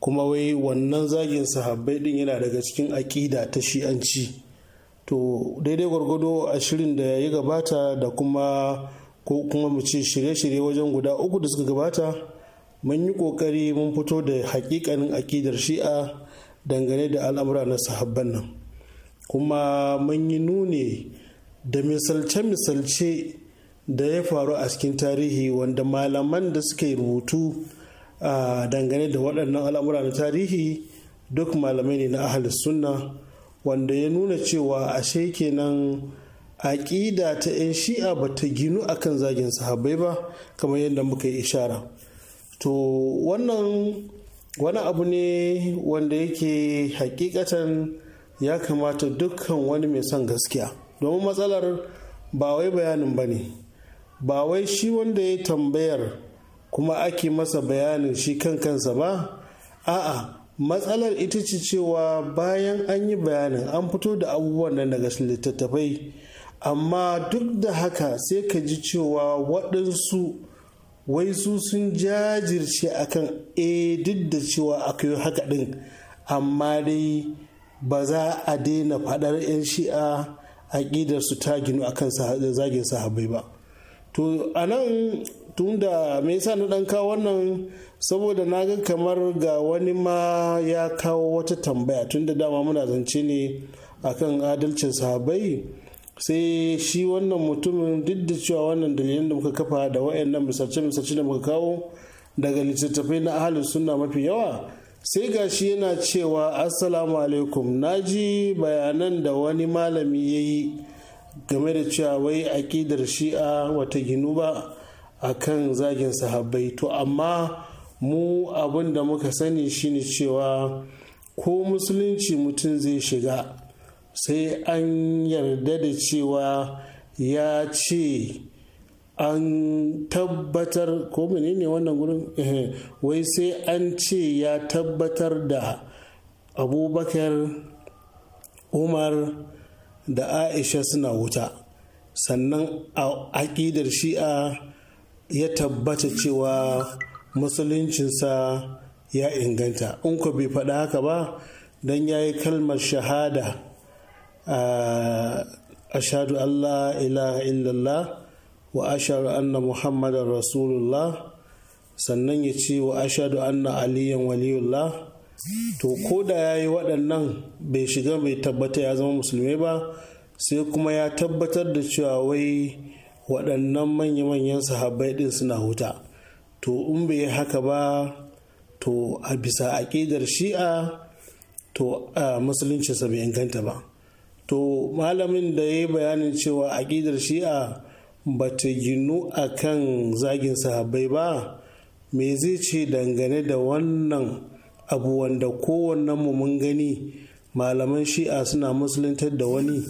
kuma wai wannan zagin sahabbai din yana daga cikin aƙida ta shi'anci to daidai gwargwado a shirin da ya gabata da kuma ko kuma mu ce shirye-shirye wajen guda uku da suka gabata mun yi kokari mun fito da hakikanin akidar shi'a dangane da al'amura na sahabban nan kuma mun yi nuni da misalce-misalce da ya faru a cikin tarihi wanda malaman da suka yi rubutu dangane da waɗannan al'amura na tarihi duk malamai ne na ahalis sunna wanda ya nuna cewa ashe kenan aƙida ta 'yan shi'a ba ta ginu kan zagin sahabai ba kamar yadda muka yi ishara to wannan wani abu ne wanda yake hakikatan ya kamata dukkan wani mai son gaskiya domin matsalar ba wai bayanin ba ne ba wai shi wanda ya tambayar kuma ake masa bayanin shi kan kansa ba a'a matsalar ita ce cewa bayan an yi bayanin an fito da abubuwan nan daga littattafai amma duk da haka sai ka ji cewa waɗansu wai su sun jajirce akan e duk da cewa akwai haka ɗin amma dai ba za a daina faɗar 'yan shi'a a ƙidarsu ta ginu akan zagin sahabai ba to anan tunda me yasa na dan kawo wannan saboda na ga kamar ga wani ma ya kawo wata tambaya tunda dama muna zance ne akan adalcin sahabai sai shi wannan mutumin duk da cewa wannan dalilin da muka kafa da wayannan misalce-misalce da muka kawo daga littattafai na ahalin sunna mafi yawa sai ga shi yana cewa assalamu alaikum na ji bayanan da wani malami ya yi game da cewa wai aƙidar shi'a wata ginu ba a kan zagin sahabbai to amma mu abin da muka sani shine cewa ko musulunci mutum zai shiga sai an yarda da cewa ya ce an tabbatar ko menene wannan gurin wai sai an ce ya tabbatar da abubakar umar da aisha suna wuta sannan a aƙidar shi'a ya tabbata cewa musuluncinsa ya inganta in ku bai faɗa haka ba don ya yi kalmar shahada a ashadu allah ilaha illallah wa ashadu anna muhammadar rasulullah sannan ya ce wa ashadu anna aliyan waliyullah to ko da ya yi waɗannan bai shiga bai tabbata ya zama musulmi ba sai kuma ya tabbatar da cewa wai waɗannan manya-manyan sahabbai ɗin suna huta to in bai haka ba to a bisa aƙidar shi'a to a musuluncinsa bai inganta ba to malamin da ya yi bayanin cewa aƙidar shi'a ba ta ginu a kan zagin sahabbai ba me zai ce dangane da wannan abu wanda kowannen mu mun gani malaman shi'a suna musuluntar da wani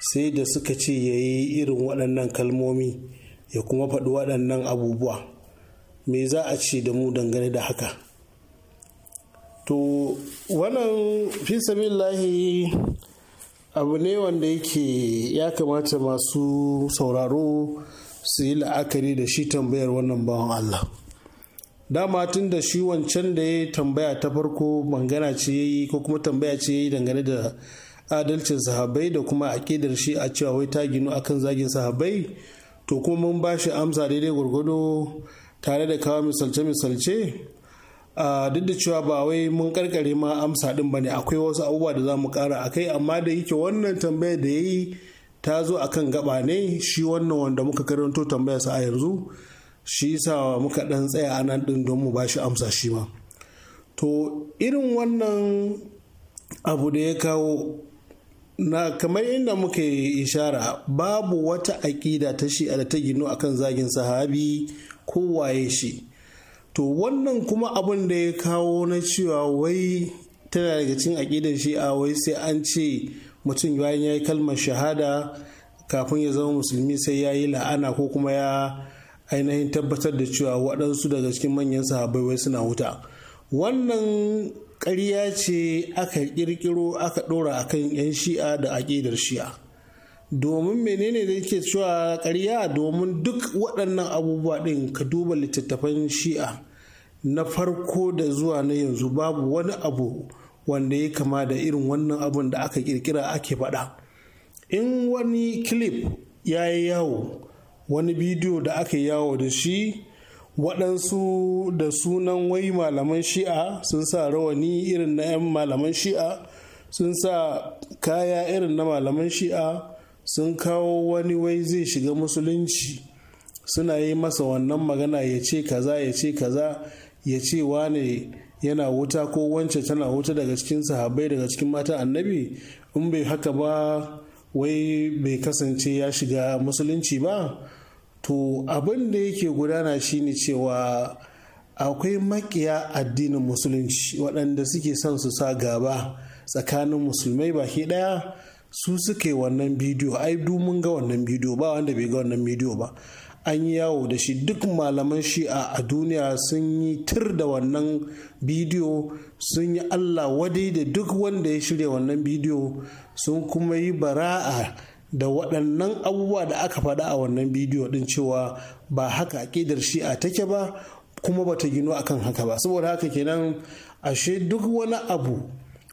sai da suka ce ya yi irin waɗannan kalmomi ya kuma faɗi waɗannan abubuwa me za a ce da mu dangane da haka to wannan fisabilillahi abu ne wanda yake ya kamata masu sauraro su yi la'akari da shi tambayar wannan bawan Allah dama tun da shi wancan da ya tambaya ta farko mangana ce ya yi ko kuma tambaya ce ya yi dangane da adalcin sahabbai da kuma aƙidar shi a cewa wai ta ginu akan zagin sahabbai to kuma mun ba shi amsa daidai gwargwado tare da kawo misalce-misalce duk da cewa ba wai mun karkare ma amsa din bane akwai wasu abubuwa da za mu kara a kai amma da yake wannan tambayar da ya yi ta zo akan gaba ne shi wannan wanda muka karanto tambayar sa a yanzu shi yasa muka dan tsaya a nan din don mu ba shi amsa shi ma to irin wannan abu da ya kawo na kamar inda muka ishara babu wata aƙida ta shi'a da ta ginu akan zagin sahabi ko waye shi to wannan kuma abin da ya kawo na cewa wai tana daga cikin aƙidar shi'a wai sai an ce mutum bayan ya yi kalmar shahada kafin ya zama musulmi sai ya yi la'ana ko kuma ya ainihin tabbatar da cewa waɗansu daga cikin manyan sahabai wai suna wuta wannan ƙarya ce aka ƙirƙiro aka ɗora a kan 'yan shi'a da aƙidar shi'a domin menene da yake cewa ƙarya domin duk waɗannan abubuwa ɗin ka duba littattafan shi'a na farko da zuwa na yanzu babu wani abu wanda ya kama da irin wannan abin da aka ƙirƙira ake faɗa in wani clip ya yi yawo wani bidiyo da aka yawo da shi waɗansu da sunan wai malaman shi'a sun sa rawani irin na 'yan malaman shi'a sun sa kaya irin na malaman shi'a sun kawo wani wai zai shiga musulunci suna yi masa wannan magana ya ce kaza ya ce kaza ya ce wane yana wuta ko wance tana wuta daga cikin sahabai daga cikin mata annabi in bai haka ba wai bai kasance ya shiga musulunci ba to abin da yake gudana shine cewa akwai makiya addinin musulunci waɗanda suke son su sa gaba tsakanin musulmai baki ɗaya su suke wannan bidiyo ai mun ga wannan bidiyo ba wanda bai ga wannan bidiyo ba an yi yawo da shi duk malaman shi'a a duniya sun yi tir da wannan bidiyo sun yi allah wadai da duk wanda ya shirya wannan bidiyo sun kuma yi bara'a da waɗannan abubuwa da aka faɗa a wannan bidiyo ɗin cewa ba haka aƙidar shi'a take ba kuma ba ta gino akan haka ba saboda haka kenan ashe duk wani abu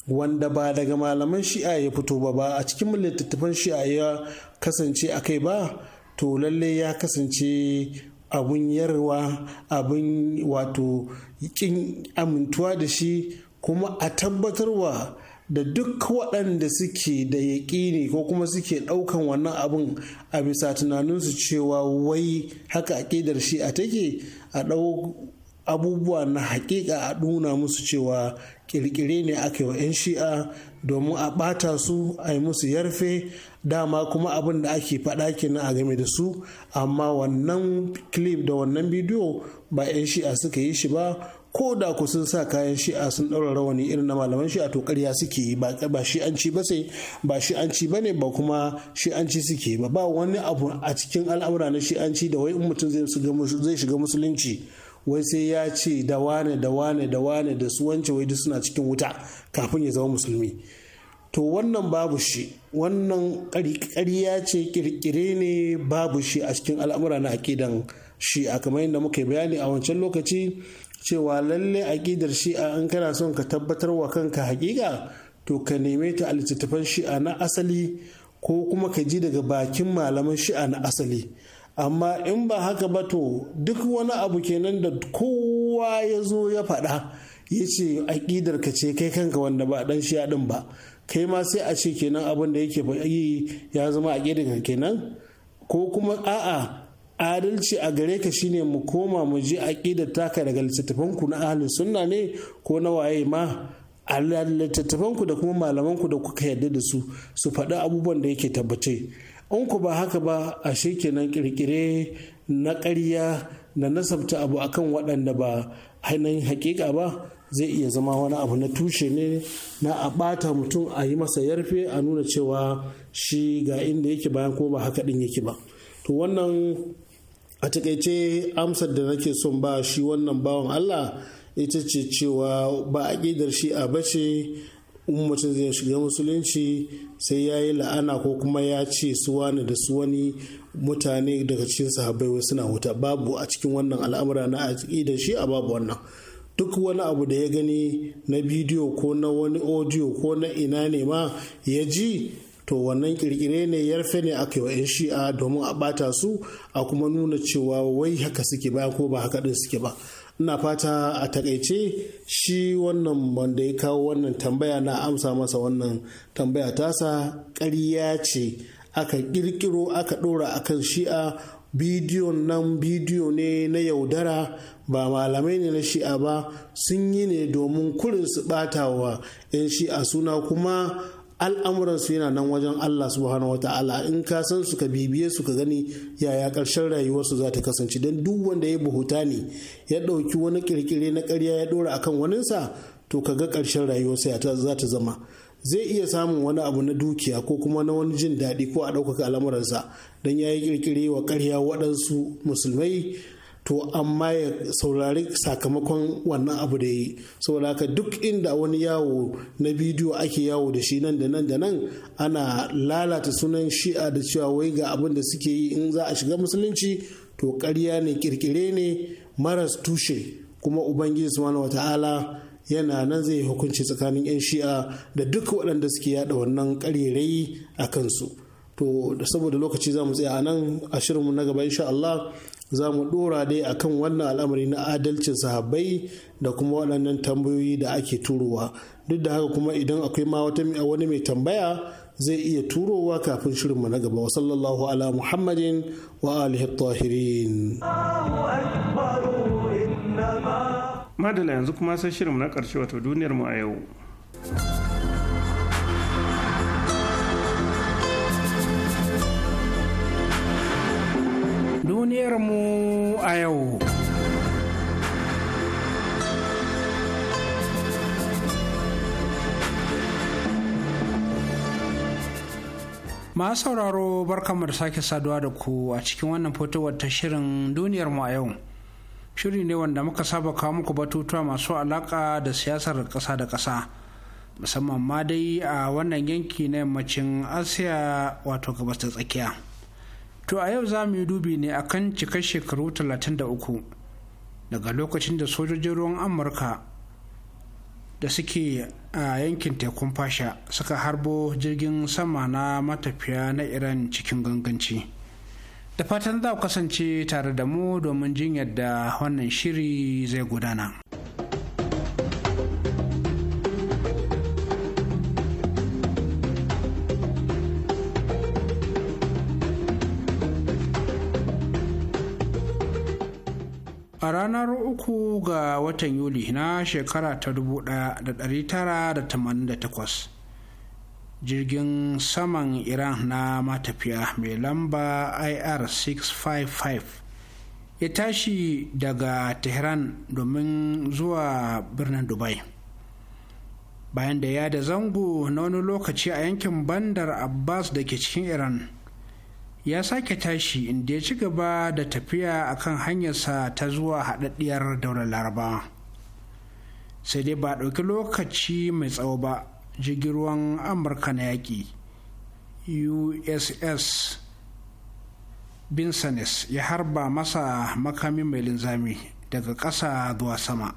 wanda ba daga malaman shi'a ya fito ba ba a cikin littattafan shi'a ya kasance a kai ba to lallai ya kasance abun yarwa abun wato kin amintuwa da shi kuma a tabbatarwa da duk waɗanda suke da yaƙini ko kuma suke ɗaukan wannan abin a bisa tunaninsu cewa wai haka aƙidar shi a take a ɗau abubuwa na haƙiƙa a nuna musu cewa ƙirƙire ne aka yi wa 'yan shi'a domin a ɓata su a yi musu yarfe dama kuma abin da ake faɗa kenan a game da su amma wannan clip da wannan bidiyo ba 'yan shi'a suka yi shi ba ko da ku sun sa kayan shi'a sun ɗaura rawani irin na malaman shi'a to ƙarya suke yi ba shi'anci ba sai ba shi'anci ba ne ba kuma shi'anci suke ba ba wani abu a cikin al'amura na shi'anci da wai in mutum zai shiga musulunci wai sai ya ce da wane da wane da wane da su wance wai duk suna cikin wuta kafin ya zama musulmi to wannan babu shi wannan ƙarya ce ƙirƙire ne babu shi a cikin al'amura na aƙidan shi a kamar yadda muka yi bayani a wancan lokaci cewa lalle aƙidar shi'a in kana son ka tabbatar wa kanka hakika to ka neme ta a littattafan shi'a na asali ko kuma ka ji daga bakin malaman shi'a na asali amma in ba haka ba to duk wani abu kenan da kowa ya zo ya faɗa ya ce aƙidar ka ce kai kanka wanda ba ɗan shi'a ɗin ba kai ma sai a ce kenan abin da yake yi ya zama aƙidar kenan ko kuma a'a adalci a gare ka shine mu koma mu je aqidar taka daga littattafan ku na ahlus sunna ne ko na waye ma a littattafan ku da kuma malaman ku da kuka yarda da su su faɗi abubuwan da yake tabbace in ku ba haka ba a shekenan kirkire na ƙarya na nasabta abu akan waɗanda ba ainihin hakika ba zai iya zama wani abu na tushe ne na a ɓata mutum a yi masa yarfe a nuna cewa shi ga inda yake bayan ko ba haka ɗin yake ba to wannan a takaice amsar da nake son ba shi wannan bawan allah ita ce cewa ba a ƙidar shi a bace in mutum zai shiga musulunci sai ya yi la'ana ko kuma ya ce su wani da su wani mutane daga cikin sahabbai wai suna wuta babu a cikin wannan al'amura na a da shi a babu wannan duk wani abu da ya gani na bidiyo ko na wani audio ko na ina ne ma ya ji to wannan kirkire ne yarfe ne aka yi 'yan shi'a domin a bata su a kuma nuna cewa wai haka suke ba ko ba haka din suke ba ina fata a takaice shi wannan wanda ya kawo wannan tambaya na amsa masa wannan tambaya tasa ƙarya ce aka kirkiro aka ɗora akan shi'a bidiyo nan bidiyo ne na yaudara ba malamai ne na shi'a ba sun yi ne domin kurin su ɓata wa 'yan shi'a suna kuma al'amuransu yana nan wajen Allah subhanahu wa ta'ala in ka san su ka bibiye su ka gani yaya ƙarshen rayuwarsu za ta kasance don duk wanda ya buhuta ne ya ɗauki wani kirkire na ƙarya ya ɗora akan waninsa to ka ga ƙarshen rayuwarsa za ta zama zai iya samun wani abu na dukiya ko kuma na wani jin daɗi ko a ɗaukaka al'amuransa don ya yi ƙirƙire wa ƙarya waɗansu musulmai to amma ya saurari sakamakon wannan abu da yi saboda haka duk inda wani yawo na bidiyo ake yawo da shi nan da nan da nan ana lalata sunan shi'a da cewa wai ga abin da suke yi in za a shiga musulunci to karya ne kirkire ne maras tushe kuma ubangiji subhanahu wata'ala yana nan zai hukunci tsakanin 'yan shi'a da duk waɗanda suke yada wannan ƙarerayi a kansu to saboda lokaci za mu tsaya a nan a shirinmu na gaba insha Allah za mu dora dai akan wannan al'amari na adalcin sahabbai da kuma waɗannan tambayoyi da ake turowa duk da haka kuma idan akwai ma wani mai tambaya zai iya turowa kafin shirinmu na gaba wasallallahu ala muhammadin wa alihi tahirin madala yanzu kuma sai shirinmu na ƙarshe wato duniyarmu a yau duniyarmu a yau. Ma sauraro barkanmu da sake saduwa da ku a cikin wannan fitowar ta shirin duniyarmu a yau. Shiri ne wanda muka saba kawo muku batutuwa masu alaka da siyasar ƙasa da ƙasa. Musamman ma dai a wannan yanki na yammacin Asiya wato gabas da tsakiya. to a yau za mu yi dubi ne akan cikar shekaru 33 daga lokacin da sojojin ruwan amurka da suke a yankin tekun fasha suka harbo jirgin sama na matafiya na iran cikin ganganci da fatan za kasance tare da mu domin jin yadda wannan shiri zai gudana. a ranar uku ga watan yuli na shekara ta 1988 jirgin saman iran na matafiya mai lamba ir 655 ya tashi daga tehran domin zuwa birnin dubai bayan da ya da zango na wani lokaci a yankin bandar abbas da ke cikin iran ya sake tashi inda ya ci gaba da tafiya a kan hanyarsa ta zuwa haɗaɗɗiyar daular laraba sai dai ba ɗauki lokaci mai tsawo ba jirgin ruwan amurka na yaƙi uss binsanes ya harba masa makami mai linzami daga ƙasa zuwa sama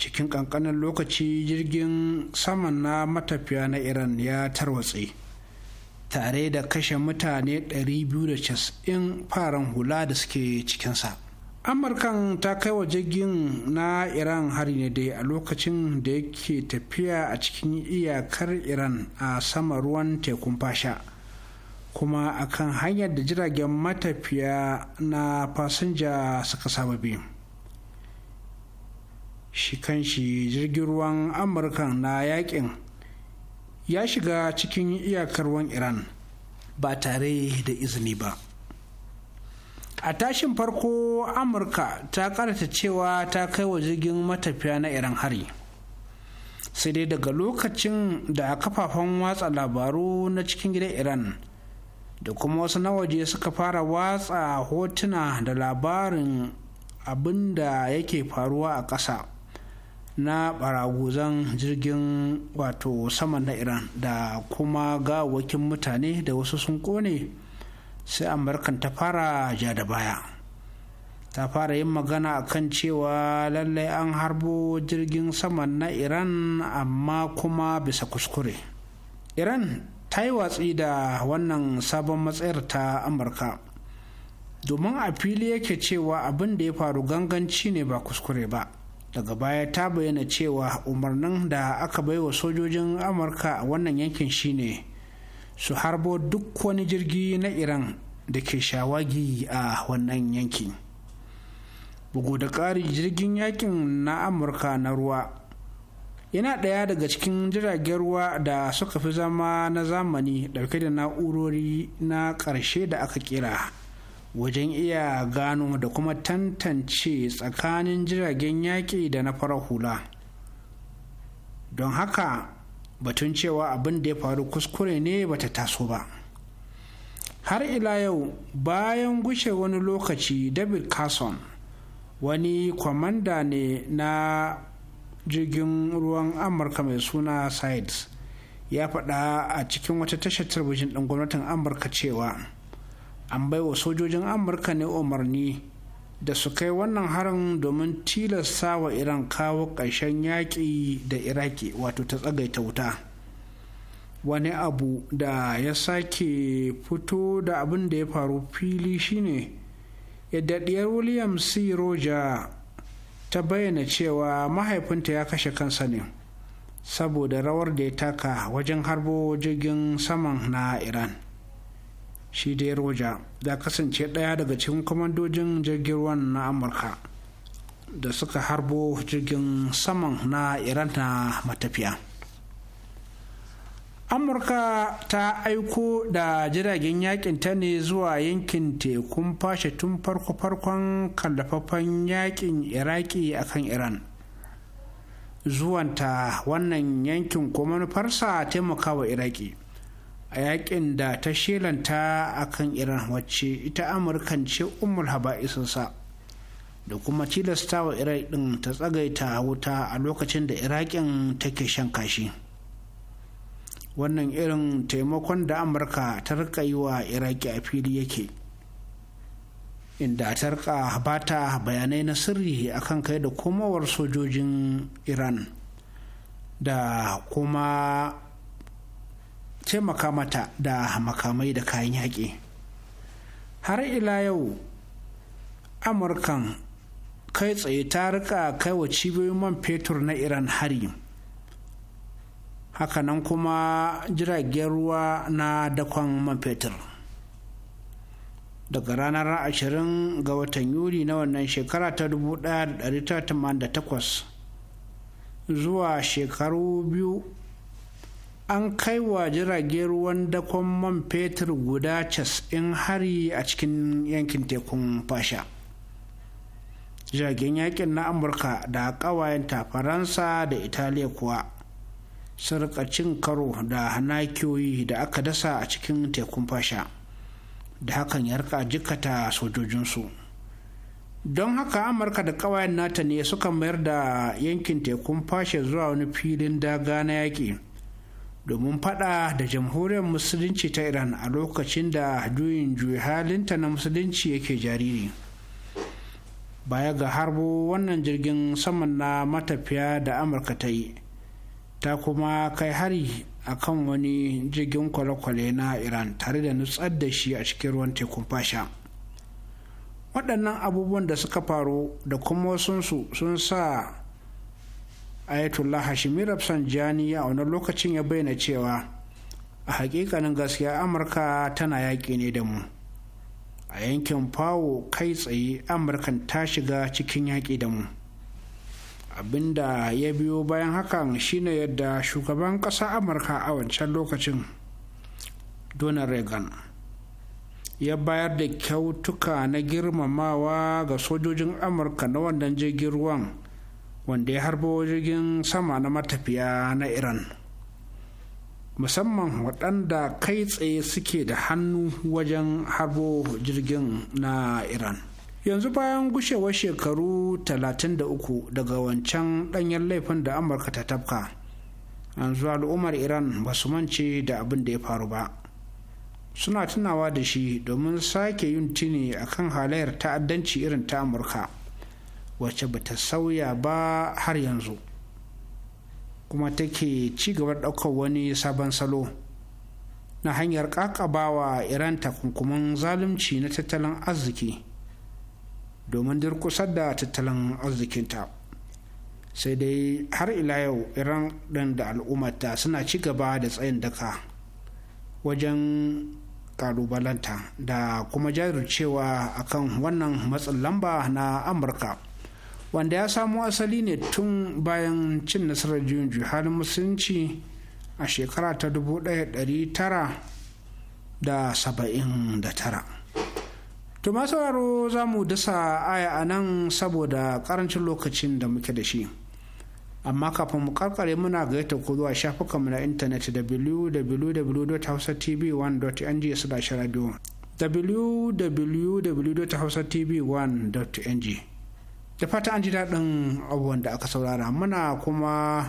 cikin ƙanƙanin lokaci jirgin saman na matafiya na iran ya tarwatse tare da kashe mutane 290 faran hula da suke cikinsa amurkan ta kai wa jirgin na iran hari ne dai a lokacin da yake tafiya a cikin iyakar iran a sama ruwan tekun fasha kuma akan hanyar da jiragen matafiya na fasinja suka saba bi shi kan jirgin ruwan amurkan na yakin ya shiga cikin iyakar ruwan iran ba tare da izini ba a tashin farko amurka ta karata cewa ta kai wa jirgin matafiya na iran hari sai dai daga lokacin da a kafafen watsa labaru na cikin gidan iran da kuma wasu na waje suka fara watsa hotuna da labarin abin da yake faruwa a ƙasa na baraguzan jirgin wato saman na iran da kuma gawakin mutane da wasu sun kone sai amurkan ta fara ja da baya ta fara yin magana akan cewa lallai an harbo jirgin saman na iran amma kuma bisa kuskure iran ta yi watsi da wannan sabon matsayar ta amurka domin a fili yake cewa abin da ya faru ganganci ne ba kuskure ba daga baya ta bayyana cewa umarnin da aka bai wa sojojin amurka a wannan yankin shine su harbo duk wani jirgi na iran da ke shawagi a wannan yankin. bugu da ƙari jirgin yakin na amurka na ruwa yana ɗaya daga cikin jiragen ruwa da suka fi zama na zamani ɗauke da na'urori na ƙarshe da aka kira wajen iya gano da kuma tantance tsakanin jiragen yaƙi da na fara hula don haka batun cewa abin da ya faru kuskure ne bata taso ba har ila yau bayan gushe wani lokaci david carson wani kwamanda ne na jirgin ruwan amurka mai suna sides ya faɗa a cikin wata tashar talabijin ɗin gwamnatin amurka cewa an bai wa sojojin amurka ne umarni da su kai wannan harin domin tilasta wa iran kawo ƙarshen yaƙi da iraki wato ta tsagaita wuta wani abu da ya sake fito da abin da ya faru fili shine yaddadiyar william c roja ta bayyana cewa mahaifinta ya kashe kansa ne saboda rawar da ya taka wajen harbo jirgin saman na iran shi dai roja ya kasance ɗaya daga cikin kwamandojin jirgin ruwan na amurka da suka harbo jirgin saman na iran na matafiya amurka ta aiko da jiragen yakin ta ne zuwa yankin tekun fashe tun farko-farkon yaƙin yakin iraki kan iran zuwanta wannan yankin ko manufarsa taimakawa iraki a yakin da ta shelanta a kan iran wacce ita amurkan ce umar haba'isinsa da kuma tilasta wa iran din ta tsagaita wuta a lokacin da iraƙin take shan kashi wannan irin taimakon da amurka ta rika yi wa iraki a fili yake inda ta rika ta bayanai na sirri akan kai da komowar sojojin iran da kuma taimaka mata da makamai da kayan yaƙi har ila yau amurkan kai tsaye ta rika wa cibiyoyin man fetur na iran hari hakanan kuma jiragen ruwa na dakon man fetur daga ranar ashirin ga watan yuli na wannan shekara ta 1988 zuwa shekaru biyu an kai wa jirage ruwan dakon man fetur guda casa'in hari a cikin yankin tekun fasha jiragen yakin na amurka da ƙawayenta faransa da italiya kuwa cin karo da hanakiyoyi da aka dasa a cikin tekun fasha da hakan ya rika jikata sojojinsu don haka amurka da ƙawayen nata ne suka mayar da yankin tekun fashe zuwa wani filin daga na yaƙi domin fada da jamhuriyar musulunci ta iran a lokacin da juyin juyi halinta na musulunci yake jariri baya ga harbo wannan jirgin saman na matafiya da amurka ta yi ta kuma kai hari a kan wani jirgin kwale-kwale na iran tare da nutsar da shi a cikin ruwan tekun fasha waɗannan abubuwan da suka faru da kuma wasunsu sun sa ayatollah hashimi rafsanjani a wani lokacin ya bayyana cewa a hakikanin gaskiya amurka tana yaƙi ne da mu a yankin fawo kai tsaye amurkan ta shiga cikin yaƙi da mu abinda ya biyo bayan hakan shine yadda shugaban ƙasa amurka a wancan lokacin donald reagan ya bayar da kyautuka na girmamawa ga sojojin amurka na wannan jirgin ruwan wanda ya harbo jirgin sama na matafiya na iran musamman waɗanda kai tsaye suke da hannu wajen harbo jirgin na iran yanzu bayan gushewar shekaru 33 daga wancan ɗanyen laifin da amurka ta tafka yanzu al'ummar iran ba su mance da abin da ya faru ba suna tunawa da shi domin sake yin tuni akan halayyar ta'addanci irin ta amurka wacce ba ta sauya ba har yanzu kuma take ci gaba ɗaukar wani sabon salo na hanyar ƙaƙabawa iran takunkuman zalunci na tattalin arziki domin durkusar da tattalin arzikinta sai dai har ila yau iran ɗin da al'ummata suna ci gaba da tsayin daka wajen ƙalubalanta da kuma jajircewa akan wannan matsin lamba na amurka wanda ya samo asali ne tun bayan cin nasarar juyin halin musulunci a shekara ta 1979 to ma sauraro za mu dasa aya a nan saboda karancin lokacin da muke da shi amma kafin mu karkare muna gaita ku zuwa shafukan na intanet www.hausatv1.ng/radio www.hausatv1.ng da fata an ji daɗin abubuwan da aka saurara muna kuma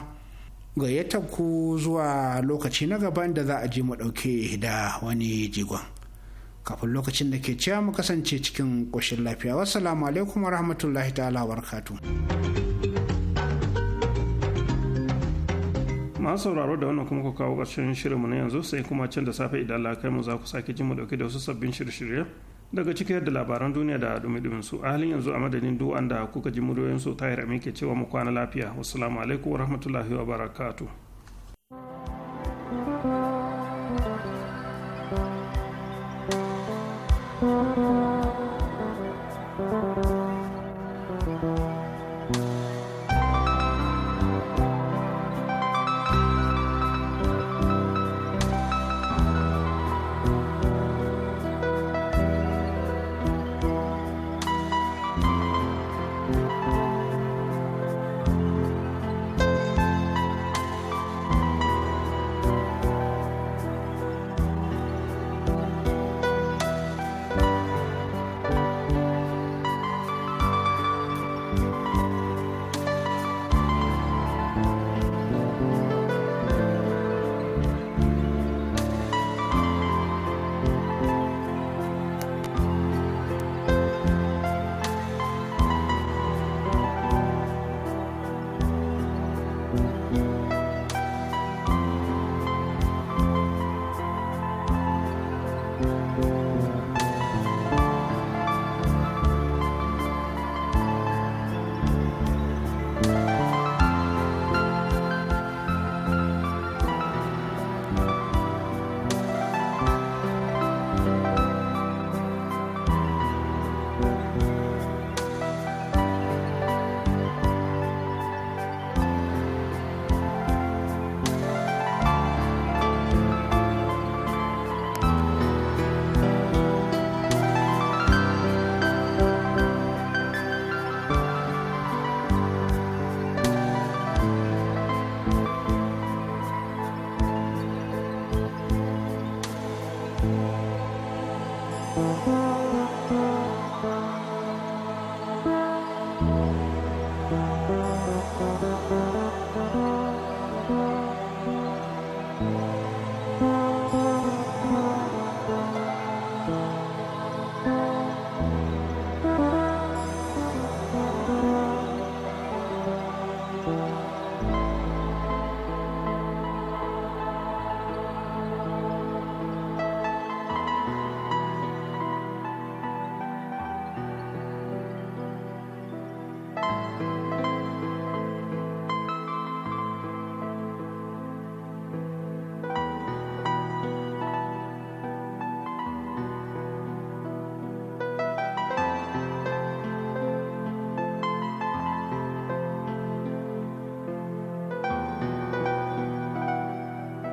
gayyatar ku zuwa lokaci na gaban da za a ji mu ɗauke da wani jigon kafin lokacin da ke cewa mu kasance cikin ƙoshin lafiya wassalamu alaikum wa rahmatullahi ta'ala wa Ma sauraro da wannan kuma ku kawo ƙarshen shirinmu na yanzu sai kuma can da safe idan Allah kai mu za ku sake jin mu dauke da wasu sabbin shirye-shirye daga cikin da labaran duniya da dumi su a halin yanzu a madadin duk wanda kuka ji muryoyin su tahir amin ke cewa mu kwana lafiya wassalamu alaikum wa wabarakatuh thank you